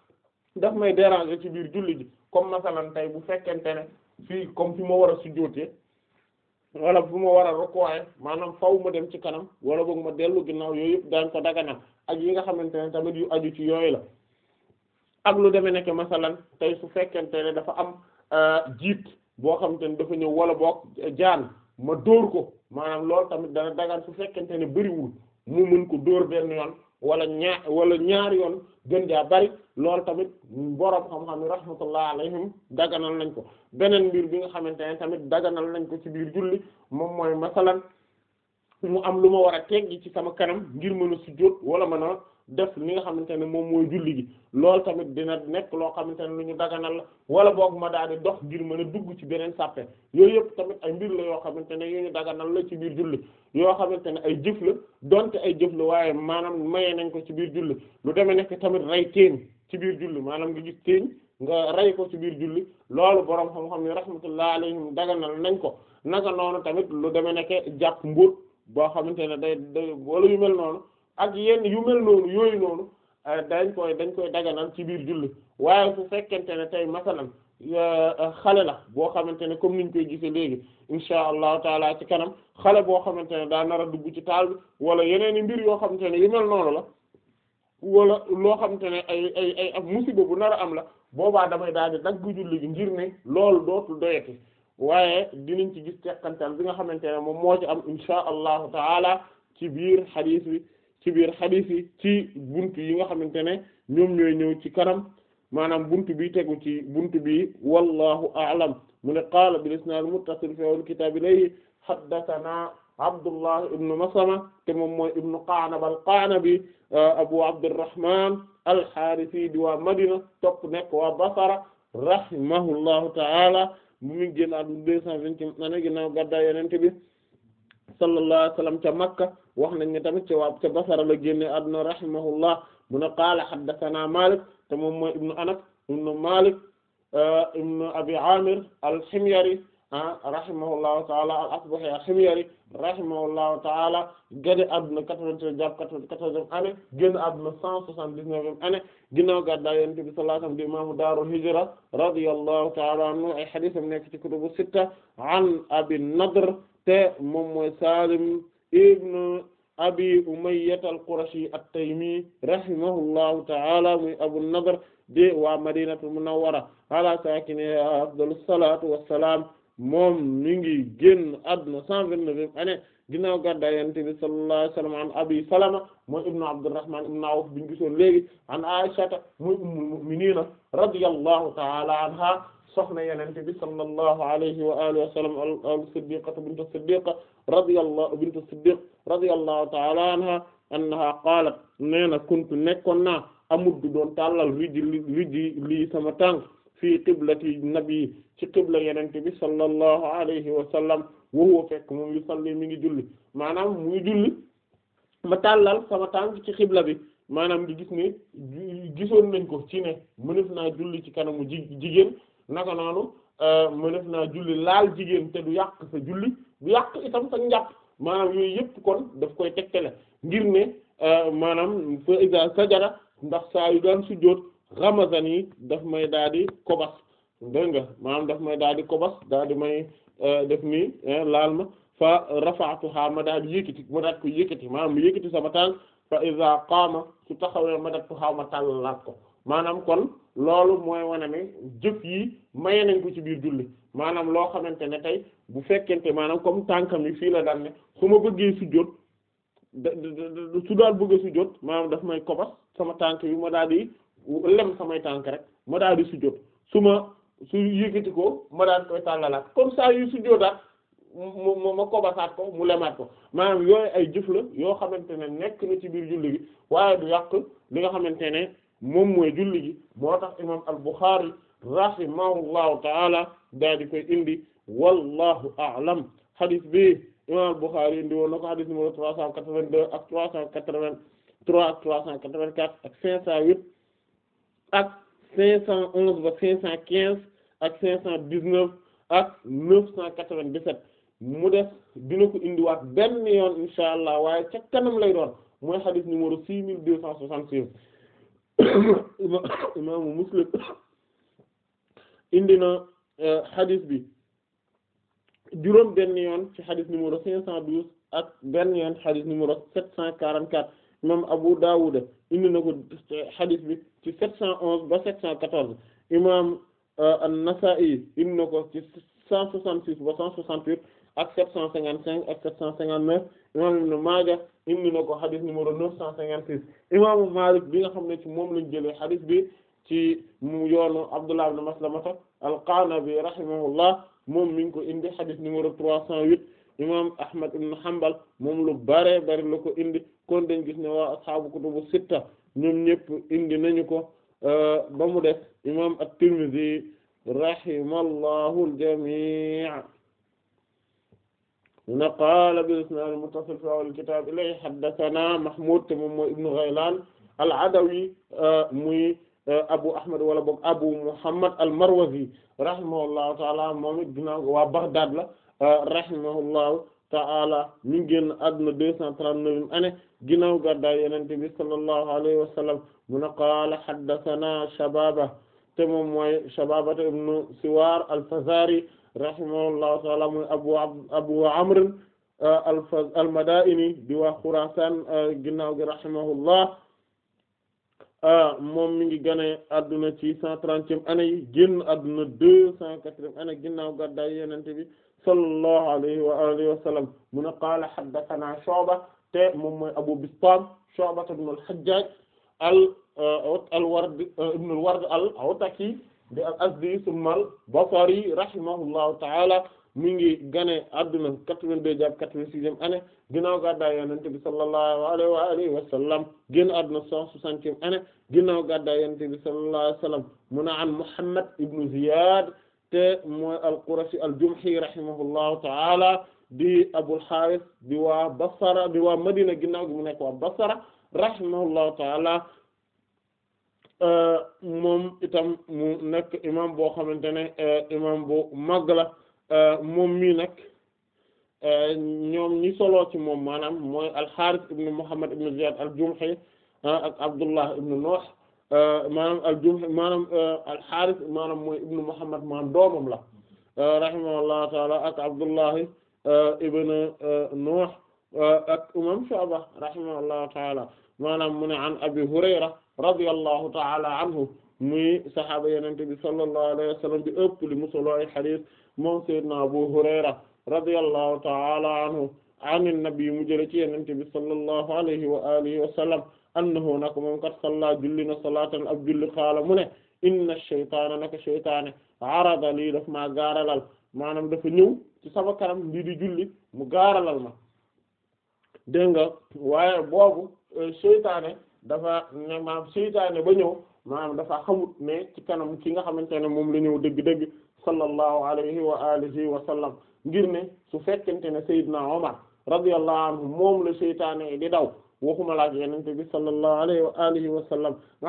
daf may deran ci biir julli ji comme masalan tey bu fekkente ne fii comme fi ma war a sujjóotee wala bu ma war a rukwaay maanaam faw ma dem ci kanam wala boog ma dellu ginnaaw yooyu yëpp daañ ko daganal ak yi nga xamante ne tamit yu aju ci yooyu la ak lu demee nekk masalan tey su fekkente ne dafa am euh, jiit boo xamante ne dafa ñëw wala boog jaan ma dóor ko maanaam lool tamit dana dagan su fekkente ne bëriwul mu mën ko dóor benn yoon wala ñaar wala ñaar yoon gën jaa bari loolu tamit borom xam-xam yi rahmatullah daganal nañ ko beneen mbir bi nga xamante ne tamit daganal nañ ko ci biir julli moom mooy masalan mu am lu ma war a teggi ci sama kanam ngir mën a sujjóot wala mën na def li nga xamante ne moom mooy julli gi loolu tamit dina nekk loo xamante ne lu ñu daganal la wala boog ma daal di dox ngir mën a dugg ci beneen sàppe yooyu yëpp tamit ay mbir la yoo xamante ne yu ñu daganal la ci biir julli yoo xamante ne ay jëf donte ay jëf maanaam maye nañ ko ci biir julli lu demee nekk tamit rey teen ci biir julli maanaam gi gis teen nga rey ko ci biir julli loolu borom xam-xam ni rahmatullah alayhim daganal nañ ko naka noonu tamit lu demee nekk jàpp mbóot boo xamante ne day day wala yu mel noonu ak yenn yu mel noonu yooyu noonu euh, dañ koy dañ koy daganal ci biir julli waaye su fekkente ne tey masalan euh, xale la boo xamante ne comme niñ koy gisee léegi insha allahu taala ci kanam xale boo xamante ne daa nar a ci taal wala yeneen i mbir yoo xamante ne yu mel la wala loo xamante ne ay ay ay ak musiba am la boobaa damay daal di dagg gi ngir ne loolu dootul doyati waaye dinañ ci gis teqantal bi nga xamante ne moom moo ci am insha allahu taala ci biir xadiis bi ci biir xadis yi ci buntu yi nga xamante ne ñoom ñooy ñëw ci kanam maanaam buntu bi tegu ci buntu bi wallahu a'lam mu ne qaala bil isnaad muttasil fi awwal kitaab ilayhi haddathana abdullah ibnu maslama te moom mooy ibnu qa'nab al-qa'nabi euh, abu abdurrahman al-harisi di waa madina topp nekk waa basara rahimahullahu ta'ala mu ngi génn àdduna deux cent vingt-cinq année ginnaaw gàddaay bi sallallahu alayhi wa sallam ca Makka wax nañ ne tamit ca waa ca Basra la génne adduna rahimahullah mu ne qaala haddathana Malik te moom mooy ibnu Anas ibnu Malik uh, ibnu Abi Amir al-Himyari ah rahimahullahu taala al-Asbahi al-Himyari rahimahullahu taala gane adduna quatre-vingt-treize jàpp quatorzième année génn adduna cent soixante-dix-neuvième année ginnaaw gàddaay Yonent bi sallallahu alayhi wa sallam di imaamu daarul hijra radiyallahu taala anhu ay hadiisam nekk ci kutubu sitta an Abi Nadr te moom mooy Salim ibn Abi Umayyah al-Qurashi at-Taymi rahimahullahu ta'ala muy Abu Nadr de waa Madinatul Munawwara ala saakinihaa afdalu salaatu wa salaam moom mi ngi génn àdduna cent vingt-neuf année ginnaaw gàddaay Yonent bi sallallahu alayhi wa sallam an Abi Salama mooy ibnu Abdurrahman ibnu Awf bi ñu gisoon léegi an Aisha muy ummul mu'miniina radiyallahu ta'ala anha soxna yenente bi sallallahu alayhi wa alihi wa sallam al siddiqatu bintu siddiqa radiyallahu ta'ala anha annaha qalat nee na kuntu nekkoon naa amuddu doon tàllal rijji li lii sama tànk fii qiblati nabi ci qibla yenente bi sallallahu alayhi wa sallam wa huwa fekk moom yusalli mi ngi julli maanaam mu ngi julli ma tàllal sama tànk ci xibla bi maanaam di gis ne gisoon nañ ko ci ne mënef naa julli ci kanam ji jigéen naka noonu euh, mënef naa julli laal jigéen te du yàq sa julli du yàq itam sa njàpp maanaam yooyu yëpp kon daf koy tegtale ngir ne euh, maanaam fa isa sajara ndax saa yu daan sujjóot ramazan yi daf may daal di kobas nga maanaam daf may daal di kobas daal di may euh, def nii laal ma fa rafa'tuha ma daal di yëkkati ma daal ko yëkkati maanaam mu yëkkati sama tànk fa isa qaama su taxawee ma daal ko xaw ma laal ko maanaam kon loolu mooy wane ne jëf yi maye nañ ko ci biir julli maanaam loo xamante ne tey bu fekkente maanaam comme tànkam yi fii la daan su ma bëggee sujjóot da su daal bëggee sujjóot maanaam daf may kobas sama tànk yi ma daal di lem samay tànk rek ma daal di sujjóot su ma su yëkkati ko ma daal koy tàllalaat comme ça yu sujjóotaat mu ma kobasaat ko mu lemaat ko maanaam yooy ay jëf la yoo xamante ne nekk na ci biir julli gi waaye du yàq li nga xamante ne moom mooy julli gi moo tax imam al-Bukhari rahimahullahu taala daa di koy indi wallahu a'lam hadith bi imam al-Bukhari indi woon na ko hadith numéro 382 ak 383 ak 384 ak 508 ak 511 ba 515 ak 519 ak 997 mu def dina ko indiwaat benn yoon insha allah waaye ca kanam lay doon mooy hadith numéro 6266 [COUGHS] imaamu muslim indi na xadis euh, bi juróom benn yoon ci xadis numéro cinq cent douze ak benn yoon xadis numéro sept cent quarante quatre imam Abu Dawud indi na ko xadis euh, bi ci sept cent onze ba sept cent quatorze imam euh, an-Nasa'i indi na ko ci cent soixante six ba cent soixante huit ak 755 ak 759 imam Ibn Maaja indi na ko xadis numéro 956 imaamu Maalik bi nga xam ne ci moom lañ jëlee xadis bi ci mu yoonu Abdullah ibn Maslamata al-Qanabi rahimahullah moom mi ko indi xadis numéro 308 imam Ahmad ibn Hanbal moom lu bare bari la ko indi kon dañ gis ne waa ashaabu kutubu sitta ñoom ñëpp indi nañu ko euh, ba mu def imam at-Tirmidhi rahimallahu al-jami' na qaala bi isnaad muttasil fi awal kitaab ilay haddathana Mahmud te moom mooy ibnu Ghaylan al-Adawi muy Abu Ahmad wala boog Abu Muhammad al-Marwazi rahimahullahu ta'ala moom it ginnaaw waa Baghdad la rahimahullahu ta'ala mi ngi génn àdduna deux cent trente-neuf ane ginnaaw gàddaay Yonent bi sallallahu alayhi wa sallam mu na qaala haddathana Shababa te moom mooy Shababa ibnu Siwaar al-Fazari rahimahullahu taala muy abu abu amr uh, al-madaini di waa Xurasan uh, ginnaaw gi rahimahullah uh, moom mi ngi gane adduna ci cent trentième année yi génn adduna deux ginnaaw gàddaay Yonent bi sallallahu alayhi wa alihi wa sallam mu ne qaala haddathana te moom mooy Abu Bistaam Shu'ba ibn al-Hajjaj al-Ward al-Ataki di al-Azdi summa al-Basri rahimahullahu ta'ala mi ngi gane adduna 82 jàpp 86e année ginnaaw gàddaay Yonent bi sallallahu alayhi wa alihi wa sallam génn adduna 160e année ginnaaw gàddaay Yonent bi sallallahu alayhi wa mu ne an Muhammad ibn Ziyad te mooy al-Qurashi al-Jumhi rahimahullahu ta'ala di Abul Harith di waa Basra di waa Madina ginnaaw gi mu nekk waa Basra ta'ala Euh, moom itam mu nekk imam boo xamante ne euh, imam bu màgg la euh, moom mii nag ñoom ñi solo ci moom maanaam mooy al-Harith ibn Muhammad ibn Ziyad al ak Abdullah ibn Nuh maanaam al-Jumhi maanaam ak Abdullah ibn Nuh taala maanaam mu ne Abi Hurayra radiyallahu ta'ala anhu muy saxaaba yenente bi sallallahu alayhi wa sallam bi ëpp li musoloo ay xadis moom sayyidina Abu Hurayra radiyallahu ta'ala anhu anin nabi mu jële ci yenente bi sallallahu alayhi wa alihi wa sallam annahu nak moom kat salla julli na salaatan ab julli xaala mu ne inna shaytaana naka shaytaane arada lii daf maa gaaralal maanaam dafa ñëw ci sama kanam lii di julli mu gaaralal ma dégg nga waaye boobu euh, shaytaane dafa ne maanaam seytaane ba ñëw maanaam dafa xamut ne ci kanam ki nga xamante ne moom la ñëw dëgg-dëgg sallallahu alayhi wa alihi wa sallam ngir ne su fekkente ne Seydina Omar radiyallahu anhu moom la seytaane di daw waxuma laaj yenente bi sallallahu alayhi wa alihi nga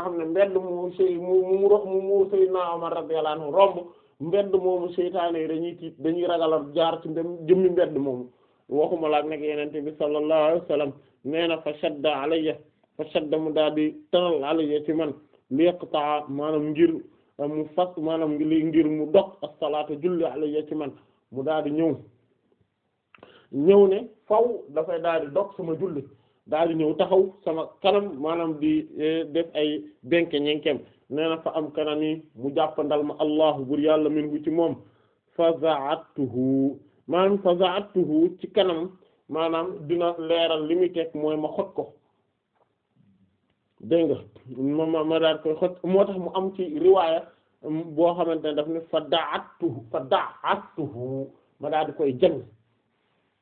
xam ne mbedd mu sey mu mu mu mu Seydina Omar radiyallahu anhu romb mbedd moomu seytaane yi dañuy tiit dañuy ragal jaar ci dem jëmmi mbedd moomu waxuma laaj nag yenente bi sallallahu alayhi wa na fa shadda fa shadda mu daal di tëral alayya ci man li yaqtaa maanaam ngir eh, mu fas maanaam ngir mu dog as-salaata julli alayya ci man mu daal di ñëw ñëw ne faw dafay daal di dog sama julli daal di ñëw taxaw sama kanam maanaam di eh, def ay benke ñenkeem nee fa am kanam yi mu jàppandal ma allahu bur yàlla minhu ci moom fazaatuhu maanaam fazaatuhu ci kanam maanaam dina leeral li mooy ma xot ko dégg nga ma ma daal koy xot moo tax mu am ci riwaaya um, boo xamante ne daf ne fa daatuhu fa daatuhu ma daal di koy jang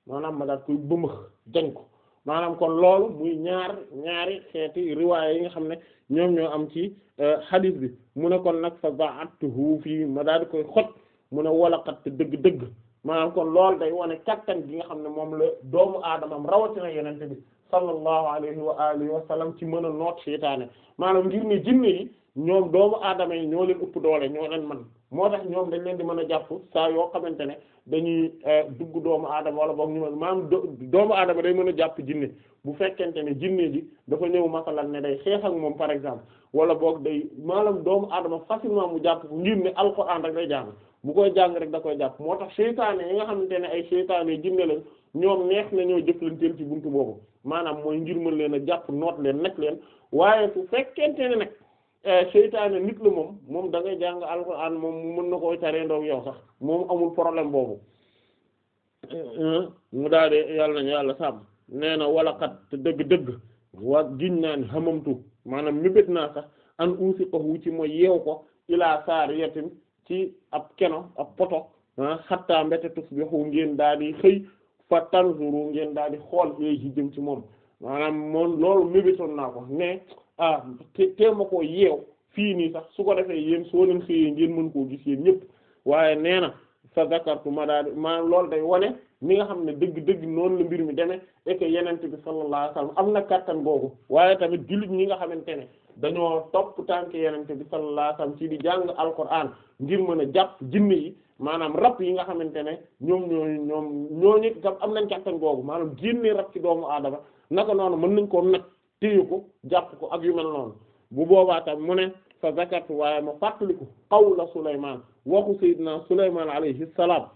maanaam ma daal koy bëmëx jang ko maanaam kon loolu muy ñaar ñaari xeeti riwaaya yi nga xam ne ñoom ñoo am ci euh, xadit bi mu ne kon nag fa daatuhu fii ma daal di koy xot mu ne walakat dëgg-dëgg maanaam kon loolu day wane kattan gi nga xam ne moom la doomu aadamam rawatina yonent bi sallallahu alayhi wa alihi wa sallam ci mën a noot seytaane maanaam ngir ne jinne yi ñoom doomu aadama yi ñoo leen ëpp doole ñoo leen man moo tax ñoom dañ leen di mën a jàpp saa yoo xamante ne dañuy eh, dugg doomu aadama wala boog ñu mën maanaam doomu aadama day mën a jàpp jinne bu fekkente ne jinne ji dafa ñëw masalan ne day xeex moom par exemple wala boog day maanaam doomu aadama facilement mu jàpp ko ngir ne alxuraan rek day jàng bu koy jàng rek da koy jàpp moo tax seytaane yi nga xamante ne ay seytaane jinne lañ ñoom neex na ñoo jëflanteel ci buntu boobu maanaam mooy ngir mën leen a jàpp noot leen nekk leen waaye su fekkente ne nag eh, seytaane nit la moom moom da ngay jàng alxuraan moom mën na koo taree yow sax moom amul problème boobu eh, mu daal de yàlla nañu yàlla sàmm nee na walaxat te dëgg-dëgg waa giñ naa ni xamamtu maanaam mébét naa sax an uusi koxu ci mooy yeew ko ilaa saar yetim ci ab keno ab poto xattaa ah, mbete tus bi ngeen daal xëy fa tanzuru ngeen daal di xool yooyu jëm ci moom maanaam moom loolu mébétoon naa ko mais ah te tee ma koo yeew fii nii sax su ko defee yéen soo leen xëyee ngeen mën koo gis yéen ñëpp waaye nee na sa zakartu ma daal maanaam lool day wane ni nga xam ne dëgg-dëgg noonu la mbir mi demee et que bi sallallahu alayhi wasallam am na kàttan googu waaye tamit jullit ñi nga xamante ne dañoo topp tànk yenente bi sallallahu alayhi wasallam ci di jàng alquran ngir mën a jàpp jinne yi maanaam rab yi nga xamante ne ñoom ñooñu ñoom ñooñu itam am nañ kàttan googu maanaam génne rab ci doomu aadama naka noonu mën nañ koo nag téye ko jàpp ko ak yu mel noonu bu boobaa tam mu ne fa zakartu waaye ma fàttaliku qawla Sulaymaan waxu sayyidina Sulaymaan alayhi salaam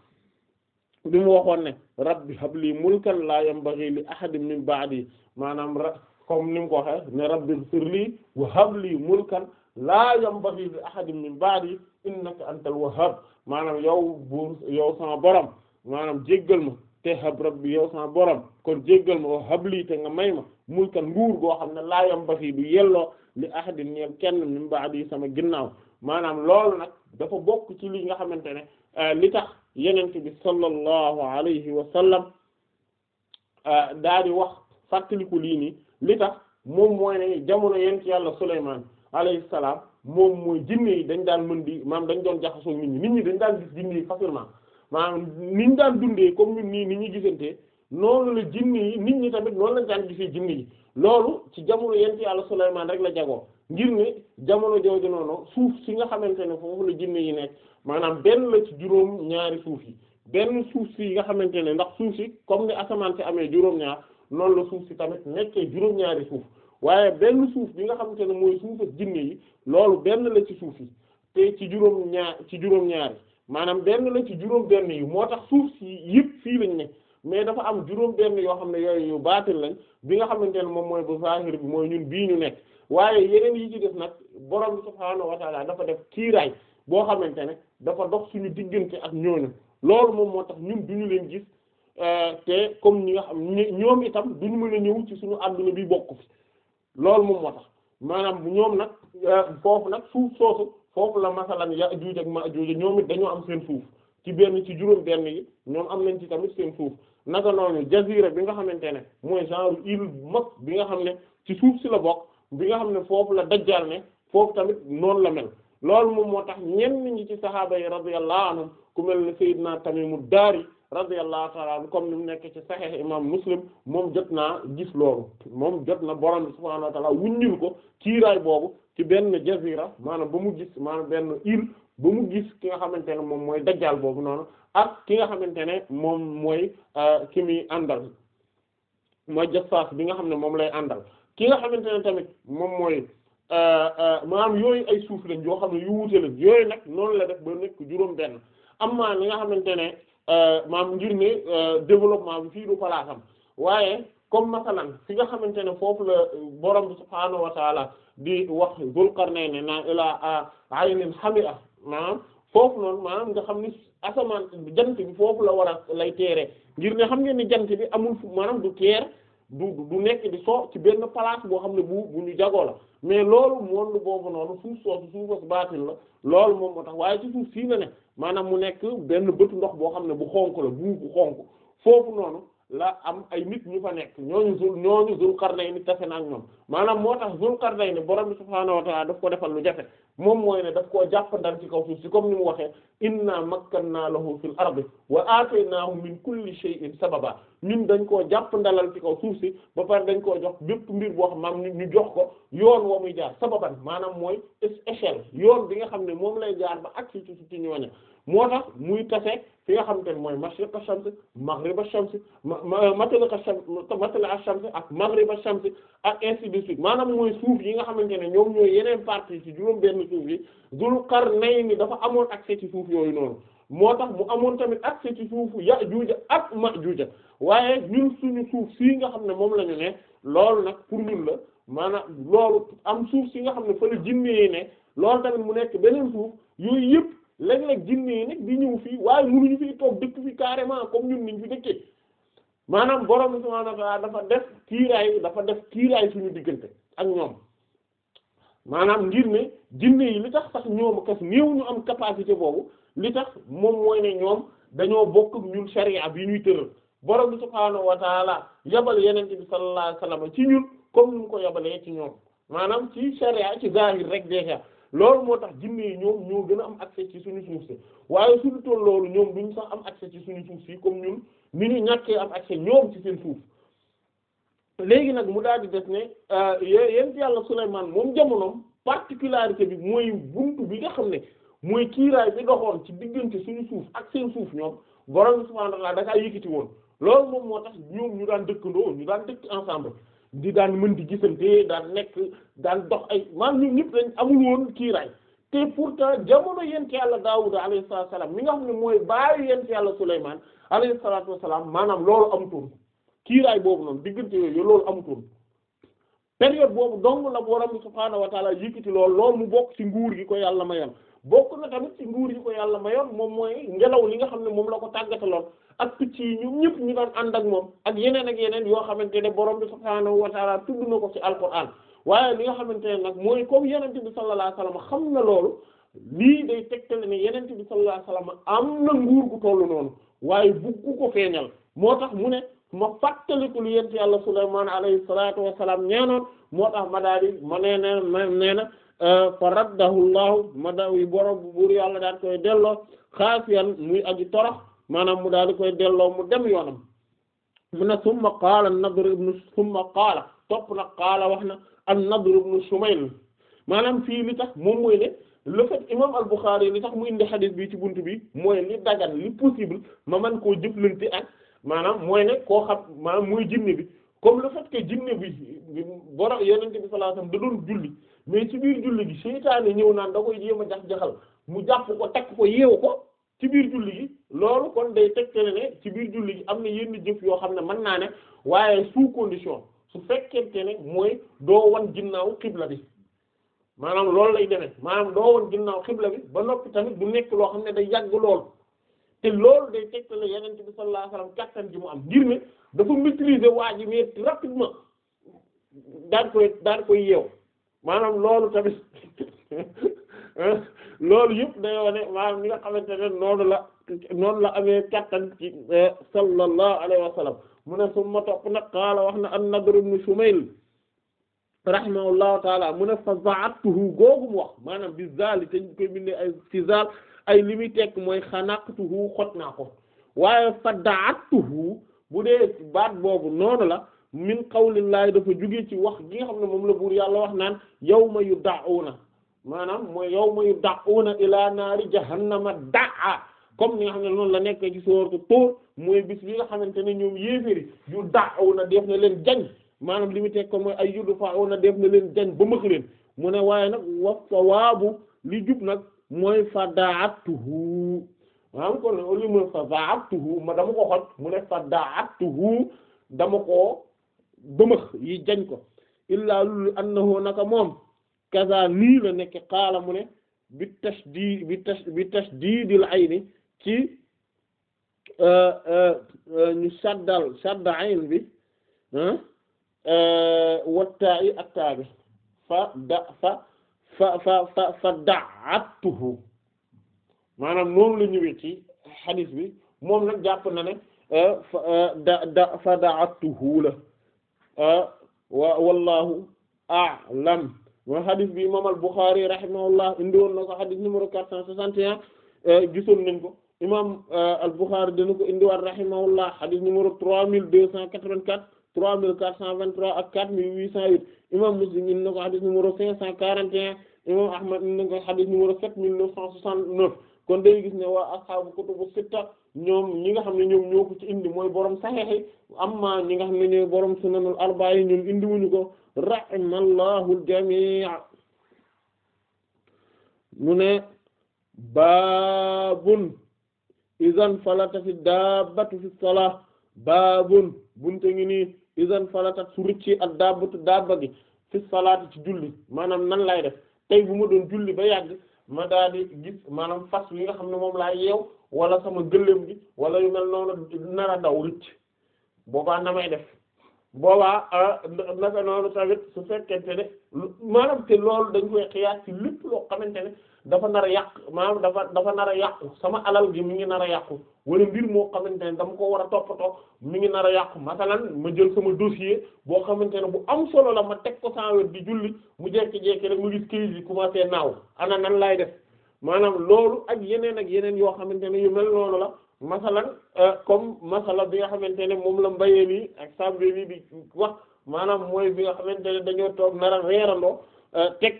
bi mu waxoon ne rabbi habli mulkan laa yanbaghi li ahadin min ba'di maanaam ra comme ni mu ko waxee ne rabbi ighfir li wa habli mulkan laa yanbaghi li ahadin min ba'di innaka antal wahhab maanaam yow buur yow sama borom maanaam jéggal ma te hab rabbi yow sama borom kon jéggal ma wa habli te nga may ma mulkan nguur goo xam ne laa yanbaghi du yelloo li ahadin ñeel kenn min ba'di sama ginnaaw maanaam lool nag dafa bokk ci li nga xamante ne euh, li tax yenent bi sallallahu alayhi wa sallam euh, daa di wax fàttaliku lii nii li tax moom mooy ne jamono yent yàlla Sulaymaan alayhi salaam moom mooy jinne yi dañ daan mën di maam dañ doon jaxasoo nit ñi nit ñi dañ daan gis jinne yi facilement maanaam ni ñu daan dundee comme nit nii ni ñuy gisantee noonu la jinne yi nit ñi tamit noonu lañ daan gisee jinne yi loolu ci jamono yent yàlla Sulaymaan rek la jagoo ngir ne jamono jooju noonu suuf si nga xamante ne foofu la jinne yi nekk maanaam benn la ci juróom ñaari suuf yi benn suuf si nga xamante ne ndax suuf si comme ni asamaan si amee juróom-ñaar noonu la suuf si tamit nekkee juróom-ñaari suuf waaye benn suuf bi nga xamante ne mooy suuf ak jinne yi loolu benn la ci suuf yi te ci juróom ñaar ci juróom ñaari maanaam benn la ci juróom benn yi moo tax suuf si yëpp fii lañ ne mais dafa am juróom benn yoo xam ne yooyu yu baatil lañ bi nga xamante ne moom mooy bu zahir bi mooy ñun bii ñu nekk waaye yeneen yi ci def nag borom bi subhaanahu wa ta'ala dafa def kiiraay boo xamante ne dafa dox suñu diggante ak ñooñu loolu moom moo tax ñun duñu leen gis euh, te comme ñi nga xam ñoom itam duñu mën a ñëw ci suñu àdduna bi bokk fi loolu moom moo tax maanaam ñoom nag euh, foofu nag suuf soosu foofu la masalan Yaajuuj ak Maajuuj ñoom it dañoo am seen suuf ci benn ci juróom benn yi ñoom am nañ ci tamit seen suuf naka noonu jazira bi nga xamante ne mooy genre île mag bi nga xam ne ci suuf si la bokk bi nga xam ne foofu la dajjaal ne foofu tamit noonu la mel loolu moom moo tax ñenn ñi ci sahaaba yi radiyallahu anhum ku mel ne Seydina Tamimu Daari radiyallahu ta'ala anhu comme ni mu nekk ci sahih imam muslim moom jot naa gis loolu moom jot na borom bi subhaanahu wa ta'ala wuññil ko kiiraay boobu ci benn jazira maanaam ba mu gis maanaam benn île ba mu gis ki nga xamante ne moom mooy dajjaal boobu noonu ak ki nga xamante ne moom mooy euh, ki muy àndal mooy jassaas bi nga xam ne moom lay àndal ki nga xamante ne tamit moom mooy euh, euh, maanaam yooyu ay suuf lañ yoo xam ne yu wuute lañ yooyu nag noonu la def ba nekk juróom ne Euh, maam ngir ne euh, développement bi fii du palaasam waaye comme masalan fi nga xamante ne foofu la euh, borom bi subhaanahu wa taala di wax Zulqarnayni naan ilaa aynin hami'a maanaam foofu noonu maanaam nga xam ni asamaan jant bi foofu la war a lay teere ngir ne xam ngeen ni jant bi amul fu maanaam du teer du du nekk di so ci benn place boo xam ne bu bu ñu jagoo la mais loolu monde boobu noonu suuf soosu suuf soosu baatin la loolu moom moo tax waaye ci suuf sii la ne maanaam mu nekk benn bëtu ndox boo xam ne bu xonk la bu bu xonk foofu noonu laa am ay nit ñu fa nekk ñooñu zul ñooñu zul qarnay ni tase na ak ñoom maanaam moo tax zul qarnay ni borom bi subhaanahu wa ta'ala daf ko defal lu jafe moom mooy ne daf koo jàpp ci kaw suuf si comme mu waxee inna makkannaa lahu fil ardi wa aataynaahu min kulli shay'in sababa ñun dañ koo jàppandalal ci kaw suuf si ba pare dañ koo jox bépp mbir boo xam maam ñu jox ko yoon wa muy jaar sababan maanaam mooy échelle yoon bi nga xam ne moom lay jaar ba agsi ci ci ñooña moo tax muy tase fi nga xamante ne mooy mashriq ash-shams maghrib ash-shams ma ma shams a ash-shams ak maghrib a shams ak ainsi de suite maanaam mooy suuf yi nga xamante ne ñoom ñooy yeneen partie ci juróom benn suuf yi Dul Qarnayni dafa amoon accès ci suuf yooyu noonu moo tax mu amoon tamit accès ci suufu Ya'juuj ak juuja waaye ñun suñu suuf si nga xam ne moom lañu ne loolu nag pour ñun la maanaam loolu am suuf si nga xam ne fa la jinne ne loolu tamit mu nekk beneen yooyu yëpp léeg-léeg jinne yi nag di ñëw fii waaye mënuñu fii toog dëkk fi carrément comme ñun niñ fi dëkkee maanaam borom subhaanahu wa ta'aala dafa def kiiraay dafa def kiiraay suñu diggante ak ñoom maanaam ngir ne jinne yi li tax sax ñoom kas néew ñu am capacité boobu li tax moom mooy ne ñoom dañoo bokk ñun sharia bi ñuy tëral borom bi subhaanahu wa ta'ala yabal yeneen bi sallallahu alayhi wa ci ñun comme ni ko yabalee ci ñoom maanaam ci sharia ci zahir rek déjà loolu moo tax jinne yi ñoom ñoo gën a am accès ci suñu suuf si waaye su dul loolu ñoom duñ sax am accès ci suñu suuf si comme ñun ni ñu ñàkkee am accès ñoom ci seen suuf léegi nag mu daal di def ne euh, yéen yàlla Souleymane moom jamonoom particularité bi mooy buntu bi nga xam ne mooy kiiraay bi doxoon ci diggante suñu suuf ak seen suuf ñoom borom subhaanahu wa ta'aala da kaa yëkkati woon loolu moom moo tax ñoom ñu daan dëkkandoo ñu daan dëkk ensemble. di daan mën di gisante daan nekk daan dox ay maanaam ñun ñëpp dañ amul woon kiiraay te pourtant jamono yent yàlla Daawuda alayhi salaatu wasalaam mi nga xam ne mooy baayu yent yàlla Sulaymaan alayhi salaatu wasalaam maanaam loolu amutoon kiiraay boobu noonu diggante yooyu loolu amutoon période boobu dong la borom subhaanahu wa taala yëkkati lool loolu mu bokk ci nguur gi ko yàlla ma mayoon bokk na tamit ci nguur yi ko yàlla ma mayoon moom mooy ngelaw li nga xam ne moom la ko tàggataloon ak picc yi ñoom ñëpp ñu doon ànd ak moom ak yeneen ak yeneen yoo xamante ne borom bi subhaanahu wa ta'ala tudd na ko ci alquran waaye li nga xamante ne nag mooy comme yenente bi sallallahu alayhi wasallam xam na loolu lii day tegtale ne yenente bi sallallahu alayhi wasallam am na nguur gu tollu noonu waaye buggu ko feeñal moo tax mu ne ma fàttaliku lu yent yàlla Sulaymaan alayhi salaatu wassalaam ñaanoon moo tax ma daal ma nee na ma nee na euh, fa raddahu ma daw yi borom buur yàlla daal koy delloo xaasiyan muy aji torox maanaam mu daal di koy delloo mu dem yoonam mu ne summa qaala an-Nadr ibn summa qaala topp na qaala wax na an-Nadr ibn Shumayl maanaam fii li tax moom mooy ne le fait imam al-Bukhari li tax mu indi xadis bi ci bunt bi mooy li dagan li possible ma man koo jëflante ak maanaam mooy ne koo xam maanaam mooy jinne bi comme le fait que jinne bi boro yonent bi sallallahu alayhi wasallam da doon julli mais ci biir julli gi seytaane ñëw naan da koy jéem a jax-jaxal mu jàpp ko takk ko yeewu ko ci biir julli gi loolu kon day tegtale ne ci biir julli gi am na yenn jëf yoo xam ne mën naa ne waaye sous condition su fekkente ne mooy doo wan ginnaaw xibla bi maanaam loolu lay demee maanaam doo wan ginnaaw xibla bi ba noppi tamit bu nekk loo xam ne day yàgg lool te loolu day tegtale yeneen bi sallallahu alayhi wasallam kàttan ji mu am ngir ne dafa maîtriser waa ji mais rapidement daan koy daan koy yeew maanaam loolu tamit [LAUGHS] loolu yëpp day wane maanaam li nga xamante ne noonu la noonu la amee kattan ci eh, sallallahu alayhi wa sallam mu ne summa topp nag qaala wax na am nadr ibn Shumayl rahimahullahu taala mu ne fa za'atuhu googu mu wax maanaam bi zaali te ñu koy bindee ay ci zaal ay li muy tekk mooy xanaqtuhu xot naa ko waaye fa da'atuhu bu dee baat boobu noonu la min qawlillahi dafa jóge ci wax gi nga xam ne moom la buur yàlla wax naan yawma na maanaam mooy yawma yud'una ila naari jahannama da'a comme ni nga xam ne noonu la nekk ci sooratu Tuur mooy bis bi nga xamante ne ñoom yéeféri yu da'una def na leen jañ maanaam li mu teg ko mooy ay yudfa'una def na leen jañ ba mëx leen mu ne waaye nag wa sawaabu li jub nag mooy fadaatuhu maanaam kon ma dama ko xoj mu ne fadaatuhu dama koo bëmëx yi jañ ko illaa lulu annahu naka moom kaza lii la nekk xaala mu ne bi tashdid bi tash bi tashdidil ayni ci euh, euh, ñu saddal sadd ayn bi wattaa yi ak taa bi fa da fa fa fa fa fa da'attuhu maanaam noonu la ñëwee ci xadis bi moom nag jàpp na ne euh, da da fa da'attuhu la wa wallahu a'lam mooy xadis bi imam al-Bukhari rahimahullah indi woon na ko xadis numéro quatre cent soixante et un euh, gisoon nañ ko imam euh, al-Bukhari dina ko indiwaat rahimahullah xadis numéro trois mille deux cent quatre-vingt-quatre trois mille quatre cent vingt-trois ak quatre mille huit cent huit imam Muslim indi ko xadis numéro cinq cent quarante et imam Ahmad indi ko xadis numéro sept mille neuf cent soixante-neuf kon day gis ne waa ashaabu kutubu sitta ñoom ñi nga xam ne ñoom ñoo ci indi mooy borom saxiix yi nga xam ne ñooy borom sunanul yi ñoom indiwuñu ko rahimallahu al-jamii mu ne baabun izan falatat ad-dabbatu fi as-salah baabun bunte ngi nii izan falatat su rëcci ad-dabbatu dabba gi fi salaati ci julli maanaam nan lay def tey bu ma doon julli ba yàgg ma daal di gis maanaam fas wi nga xam ne moom laa yeew wala sama gëléem gi wala yu mel noonu nara daw rëcc boobaa na may def boobaa ah, naka noonu tamit su fekkente ne maanaam te loolu dañ koy xiyaas ci lépp loo xamante ne dafa nar a yàq maanaam dafa dafa nar a yàqu sama alal gi mi ngi nar a yàqu wala mbir moo xamante ne dama ko war a toppatoo mi ngi nar a yàqu masalan ma jël sama dossier boo xamante ne bu am solo la ma teg ko sans wet di julli mu jekki-jekki rek mu gis crise yi commencé naaw ana nan laay def maanaam loolu ak yeneen ak yeneen yoo xamante ne yu mel noonu la masalan euh, comme masala bi nga xamante ne moom la mbayee nii ak sable yi di wax maanaam mooy bi nga xamante ne dañoo toog nara a reerandoo euh, teg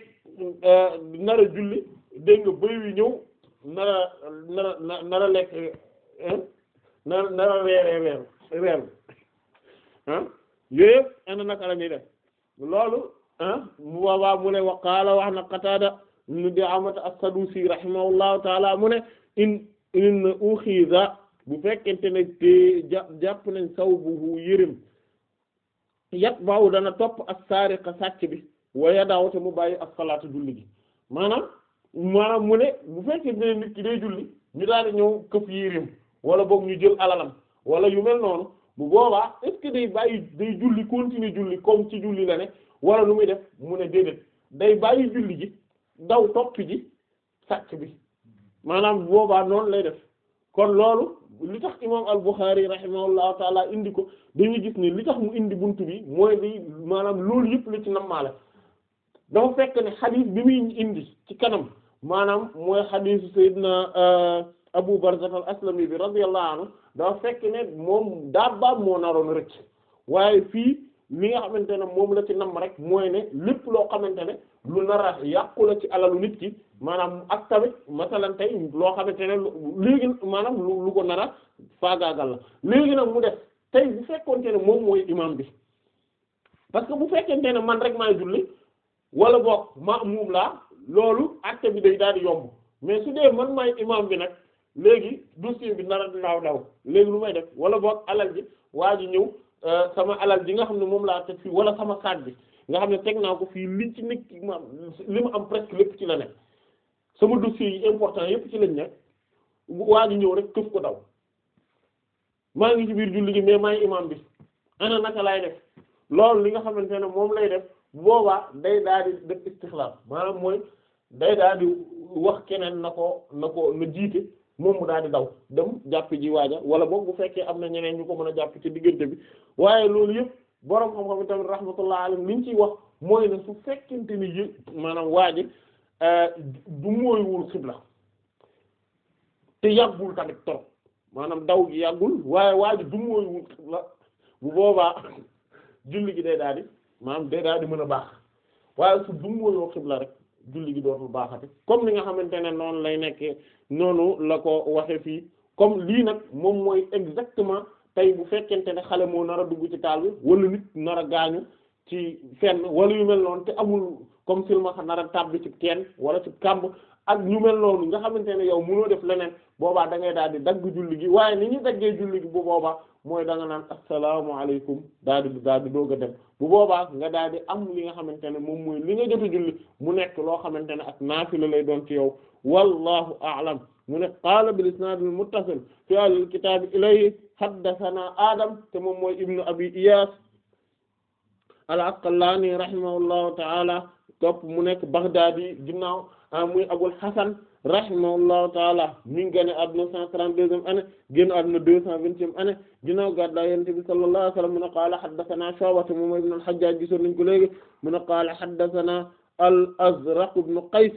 euh, nar julli dégg nga wi ñëw nar a nar a lekk nar nar reer reer ah yooyu naka la ñuy def loolu ah mu waawaa mu ne waqaala wax na Qataada ñu di amata as-Sadusi rahimahullahu taala mu ne in in uxiza bu fekkente ne te jàpp nañ saw bu yërim yat baaw dana topp ak saariqa sàcc bi waya daawte mu bàyyi ak salaatu julli gi maanaam maanaam mu ne bu fekkente ne nit ki day julli ñu daal di ñëw këf yërim wala boog ñu jël alalam wala yu mel noonu bu boobaa est-ce day bàyyi day julli continuer julli comme ci julli la ne wala lu muy def mu ne déedéet day bàyyi julli ji daw topp ji sàcc bi maanaam boobaa noonu lay def kon loolu li tax imam al-Bukhari rahimahullahu taala indi ko dañuy gis ne li tax mu indi bunt bi mooy di maanaam loolu yépp la ci nammaale dafa fekk ne xadis bi muy indi ci kanam maanaam mooy xadisu sayyidina euh, Abu Barzah al-Aslami bi radiyallahu anhu dafa fekk ne moom daabbaam moo naroon rëcc waaye fii mi nga xamante ne moom la ci nam rek mooy ne lépp loo xamante ne lu nar a yàqu la ci alalu nit ki maanaam ak tamit masalan tey loo xamante ne léegi maanaam lu ko nar faagaagal la léegi nag mu def tey bu fekkonte ne moom mooy imam bi parce que bu fekkente ne man rek maay julli wala boog ma muum laa loolu acte bi day daal di yomb mais su dee man maay imam bi nag léegi dossier bi nara a daw daw léegi lu may def wala boog alal bi waa ji ñëw Euh, sama alal ji nga xam ne moom laa teg fii wala sama saag bi nga xam ne teg naa ko fii liñ ci nekk ma li ma am presque lépp ci la nekk sama dossier yi important yépp ci lañ nekk waa ji ñëw rek këf ko daw maa ngi ci biir julli gi mais imam bi ana naka laay def loolu li nga xamante ne moom lay def boobaa day daal di def istixlaal maanaam mooy day daal di wax keneen na ko na ko na jiite moom mu daal di daw dem jàpp ji waaja wala boog bu fekkee am na ñeneen ñu ko mën a jàpp ci diggante bi waaye loolu yëpp boroom xam-xam yi tamit rahmatullah alayhi liñ ciy wax mooy ne su fekkente ni yë maanaam waaji euh, du mooywul xibla te yàggul tamit trop maanaam daw gi yàggul waaye waaj du mooywul xibla bu boobaa [COUGHS] julli gi day daal di maanaam day di mën a baax waaye su du mooyoo xibla rek julli gi dootul baaxati comme li nga xamante ne noonu lay nekkee noonu la ko waxe fii comme lii nag moom mooy exactement tey bu fekkente ne xale moo nar a dugg ci taal bi wala nit nar a gaañu ci fenn wala yu mel noonu te amul comme silmaxa nar a tàbbi ci teen wala ci kàmb ak ñu mel noonu nga xamante ne yow mënoo def leneen boobaa da ngay daal di dagg julli gi waaye ni ñuy daggee julli gi bu boobaa mooy da nga naan asalaamaaleykum daal di daal dem bu boobaa nga daal di am li nga xamante ne moom mooy li nga jot a julli mu nekk loo xamante ne ak naafila lay doon ci yow wallahu a'lam mu ne qaala bil isnaadil muttasil fi al kitaabi ilayhi haddathana Adam te moom mooy ibnu abi Iyaas al Asqalaani rahimahullahu ta'ala topp mu nekk Baghdadi ginnaaw ah, muy Abul Hasan rahimahullahu taala mi ngi génn àdduna cent trente-deuxième année génn àdduna deux cent vingtième année ginnaaw gàddaay Yonent bi sallallahu alayhi wa sallam mu ne qaala haddathana Shu'ba moom ibn al-Hajjaj gisoon nañ ko léegi mu ne qaala haddathana al-Azraq ibn Qays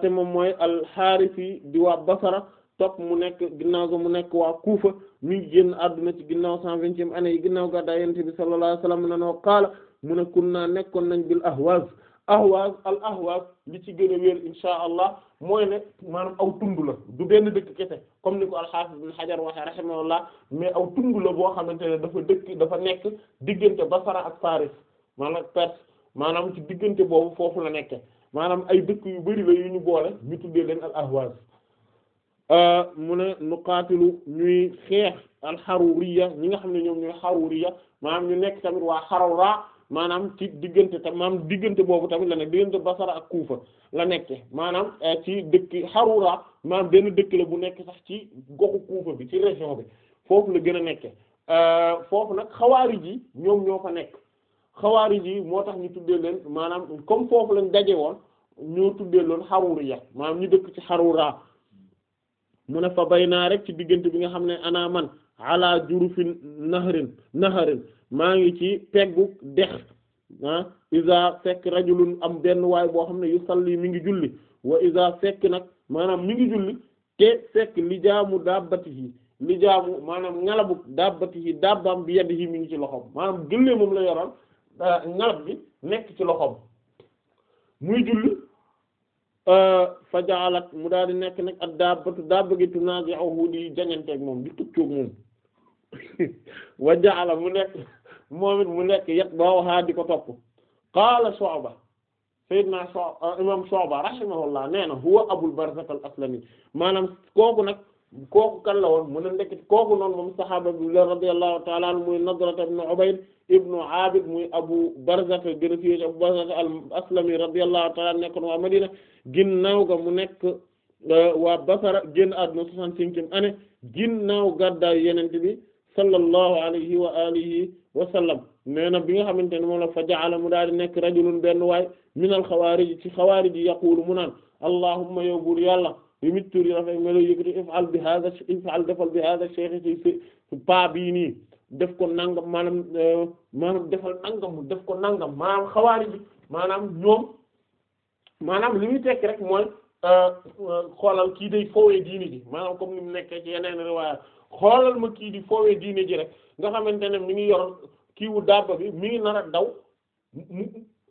te moom mooy al-Harithi di waa Basra topp mu nekk ginnaaw ga mu nekk waa Kufa mi ngi génn àdduna ci ginnaaw cent vingtième année yi ginnaaw gàddaay Yonent bi sallallahu alayhi wa sallam mu ne qaala mu ne kunna nekkoon nañ bil ahwaz ahwaaz al ahwaaz li ci gën a wér insha allah mooy ne maanaam aw tund la du benn dëkk kese comme ni ko alxaafis bin xajar waxee rahimahullah mais aw tund la boo xamante ne dafa dëkk dafa nekk diggante Basra ak Faris maanaam Perse maanaam ci diggante boobu foofu la nekke maanaam ay dëkk yu bari la yu ñu boole ñu tuddee leen al ahwaaz euh, mu ne nu qaatilu ñuy xeex al xaruriya ñi nga xam ne ñoom ñooy xaruriya maanaam ñu nekk tamit waa xarawraa maanaam ci diggante tam maanaam diggante boobu tamit la nekk diggante Basra ak Kufa la nekke maanaam eh, ci dëkk Harura maanaam benn dëkk la bu nekkee sax ci goxu Kufa bi ci région bi foofu la gën a nekke eh, foofu nag xawaarij yi ñoom ñoo fa nekk xawaarij yi moo tax ñu tuddee leen maanaam comme foofu lañ daje woon ñoo tuddee loon Haruriya maanaam ñu dëkk ci Harura mu ne fa bay naa rek ci diggante bi nga xam ne anaa man ala jurufin naharin naharin maa ngi ci peggu dex ah isa fekk rajulun am benn waay boo xam ne yu salli mi ngi julli wa isa fekk nag maanaam mi ngi julli te fekk li jaamu dabbatihi li jaamu maanaam ngalabu dabbatihi dabbam bi yadihi mi ngi ci loxoom maanaam gëllee moom la yoral ngalab bi nekk ci loxoom muy julli fa jaalat mu daal di nekk nag ak dabbatu dabba gi tunaazi'uhu di jañanteeg moom di tukkoog moom [LAUGHS] wa jaala mu nekk moom it mu lekk yet boowaxaa di ko topp qaala Shu'ba sayyidna Shu'ba euh, imam Shu'ba rahimahullah nee na huwa Abul Barzak al-Aslami maanaam kooku nag kooku kan la woon mu ne ndekk kooku noonu moom sahaaba bi la radiyallahu ta'ala anhu muy Nadrat ibn Ubayd ibnu Abid muy Abu Barzak gërëfiéc Abu Barzak al-Aslami radiyallahu ta'ala nekkoon waa Madina ginnaaw ga mu nekk euh, waa Basra génn àdduna soixante-cinquième année ginnaaw gàddaay yenente bi sallallahu alayhi wa alihi wa sallam nee na bi nga xamante ne moom la fa jaala mu daal di nekk rajulun benn waay minal xawaarij ci xawaarij yi yaqulu mu naan allahumma yow buur yàlla yu mit tur yi rafet melo yëkkati ifal bi hada ifal defal bi hada cheikh ci paa bii nii def ko nangam maanaam eh, maanaam defal nangam def ko nangam maanaam xawaarij yi maanaam ñoom maanaam li muy rek mooy eh, eh, xoolal kii day foowee diini ji maanaam comme ni mu nekkee ci xoolal ma kii di foowee diine ji rek nga xamante ne mi ngi yor kii wu dabba bi mi ngi nar a daw mu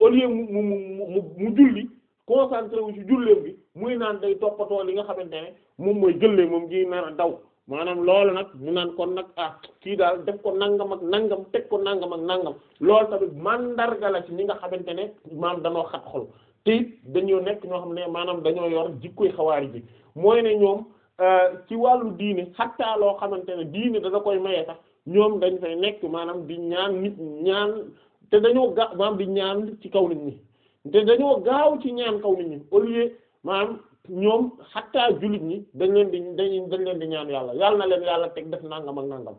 au mu mu mu mu julli concentré wu ci julleem bi muy naan day toppatoo li nga xamante ne moom mooy gëllee moom ngi nar a daw maanaam loolu nag mu naan kon nag ah kii daal def ko nangam ak nangam teg ko nangam ak nangam lool tamit mandarga la ci nga xamante ne maam dañoo xat xol te dañoo nekk ñoo xam ne maanaam dañoo yor jikkoy xawaari bi mooy ne ñoom. Euh, ci wàllu diine xattaa loo xamante ne diine dana koy maye sax ñoom dañ fay nekk maanaam di ñaan nit ñaan te dañoo ga maanaam di ñaan ci kaw nit ñi te dañoo gaaw ci ñaan kaw nit ñi au lieu maanaam ñoom ñi dañ leen di dañ dañ leen di ñaan yàlla yàlla na leen yàlla teg def nangam ak nangam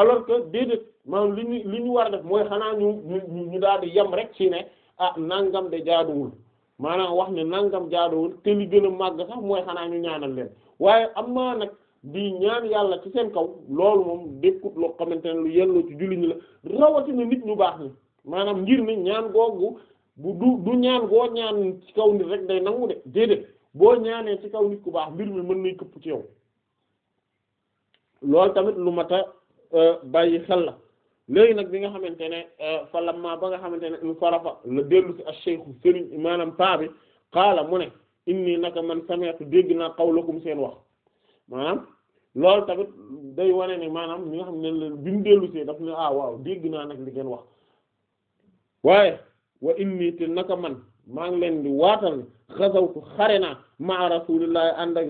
alors que déedéet maanaam li ñu li ñu war a def mooy xanaa ñu ñu ñu daal di yem rek ci ne ah nangam de jaaduwul maanaam wax ne nangam jaaduwul te li gën a màgg sax mooy xanaa ñu ñaanal leen waaye amaa nag di ñaan yàlla ci seen kaw loolu moom dékkut loo xamante ne lu yelloo ci julli ñi la rawatina nit ñu baax ni maanaam ngir mi ñaan googu bu du du ñaan goo ñaan ci kaw nit rek day nangu de déedéet boo ñaanee ci kaw nit ku baax mbir mi mën nay këpp ci yow loolu tamit lu mat a euh, bàyyi xel la léegi nag bi nga xamante ne euh, fa lamma ba nga xamante ne in sarafa la dellu si ak cheikhu sëriñ maanaam paa bi xaala mu ne inni naka man sami'tu dégg naa qawlakum seen wax maanaam loolu tamit day wane ne maanaam mi nga xam ne bi mu dellu see daf ne ah waaw dégg naa nag li ngeen wax waaye wa inni te naka man maa ngi leen di waatal xasawtu xare naa ma rasulillahi ànd ak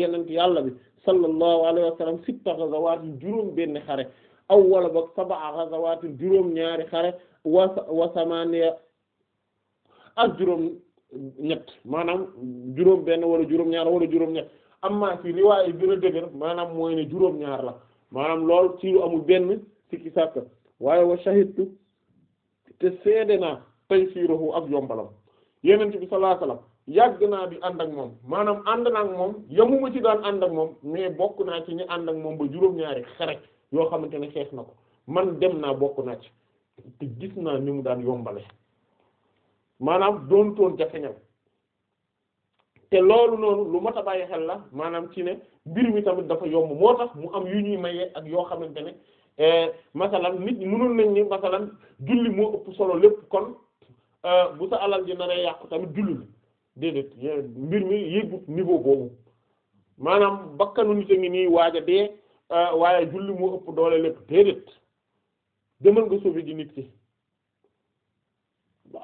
yenent yàlla bi sallallahu alayhi wa sallam sitta xazawaatin juróom benn xare aw wala boog sabaa xazawaatin juróom ñaari xare wa wa ak juróom ñett maanaam juróom benn wala juróom ñaar wala juróom ñett amma ci riwaay bi gën dëgër maanaam mooy ne juróom ñaar la maanaam lool ci lu amul benn sikki sàkk waaye wa shahidtu te seede naa taysiruhu ak yombalam yonent bi sallallahu alayhi wasallam yàgg naa di ànd ak moom maanaam ànd naa ak moom yamuma ci daan ànd ak moom mais bokk naa ci ñi ànd ak moom ba juróom-ñaari xare yoo xamante ne xeex na ko man dem naa bokk naa ci te gis naa ni mu daan yombale maanaam doon toon jafeñal te loolu noonu lu mot a bàyyi xel la maanaam ci ne mbir mi tamit dafa yomb moo tax mu am yu ñuy mayee ak yoo xamante ne eh, masalan nit mënul nañ ni masalan julli moo ëpp solo lépp kon eh, bu sa alal ji naree yàqu tamit julli la déedéet mbir mi yëgut niveau boobu maanaam bakkanu nit a ngi nii waaj a dee eh, waaye julli moo ëpp doole lépp déedéet demal nga sauver ji nit ki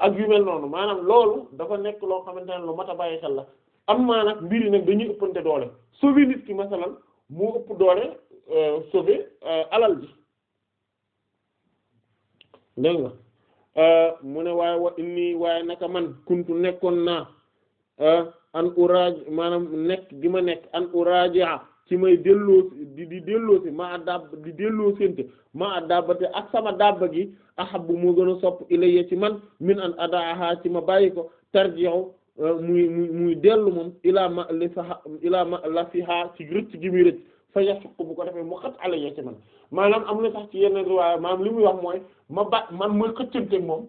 ak yu mel noonu maanaam loolu dafa nekk loo xamante ne lu mat a bàyyi xel la am maa nag mbir yi nag dañuy ëppante doole sauver nit ki masalan moo ëpp doole euh, sauver euh, alal ji dégg nga euh, mu ne waaye wa inni waaye naka man kuntu nekkoon naa an uraj maanaam nekk gi ma nekk an uraja ci may delloo di di delloo si ma dàbb di delloo sénte ma dàbbate ak sama dàbba gi a ahabbu moo gën a sopp ilayya ci man min an adaaha ci ma bàyyi ko tarji'u euh, muy muy muy dellu moom ilaa ma li saha ilaa ma la fiha ci rëcc gi muy rëcc fa yasuq bu ko defee mu xat alayya ci man maanaam am na sax ci yeneen riwaaya maanaam li muy wax mooy ma ba man mooy xëccanteeg moom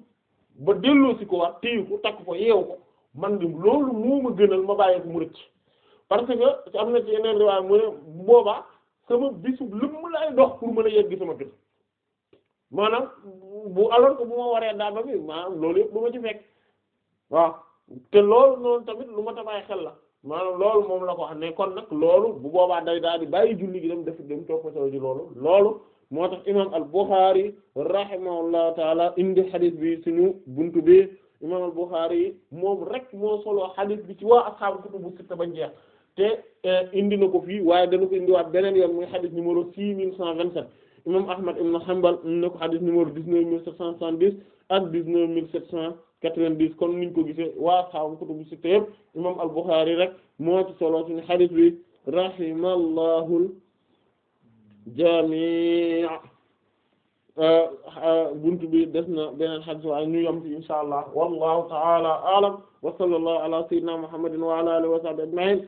ba delloo si ko wax téyu ko takk ko yeew ko man di loolu moo ma gënal ma bàyyi mu rëcc parce que am na ci yeneen riwaay mu ne boobaa sama bisu lëmm laay dox pour mën a yegg sama jot maanaam bu alors que bu ma waree daal ba bi maanaam loolu yëpp du ma ci fekk waaw te loolu noonu tamit lu ma tabaay xel la maanaam loolu moom la ko wax ne kon nag loolu bu boobaa day daal di bàyyi julli gi dem def dem toppatoo ji loolu loolu moo tax imaam al-Bukhari rahimahullahu taala indi xadis bi suñu buntu bi imaam al-Bukhari moom rek moo solo xadis bi ci waa asxaabu kutubu te eh, indi na ko fii waaye dana ko indiwaat beneen yoon muy xadis numéro six mille cent vingt-sept imam Ahmad ibn Hanbal na ko xadis numéro dix-neuf mille sept cent soixante-dix ak dix-neuf mille sept cent quatre-vingt-dix kon niñ ko gisee waa xaaw kutubu sitta yëpp imam al-Bukhari rek moo ci solo suñu xadis bi rahimallahu jamii eh, eh, buntu bi des na beneen xadis waaye ñu yam fi insha allah wallahu ta'ala a'lam wa sallallahu ala sayyidina muhammadin wa ala wa sahbihi ajma'in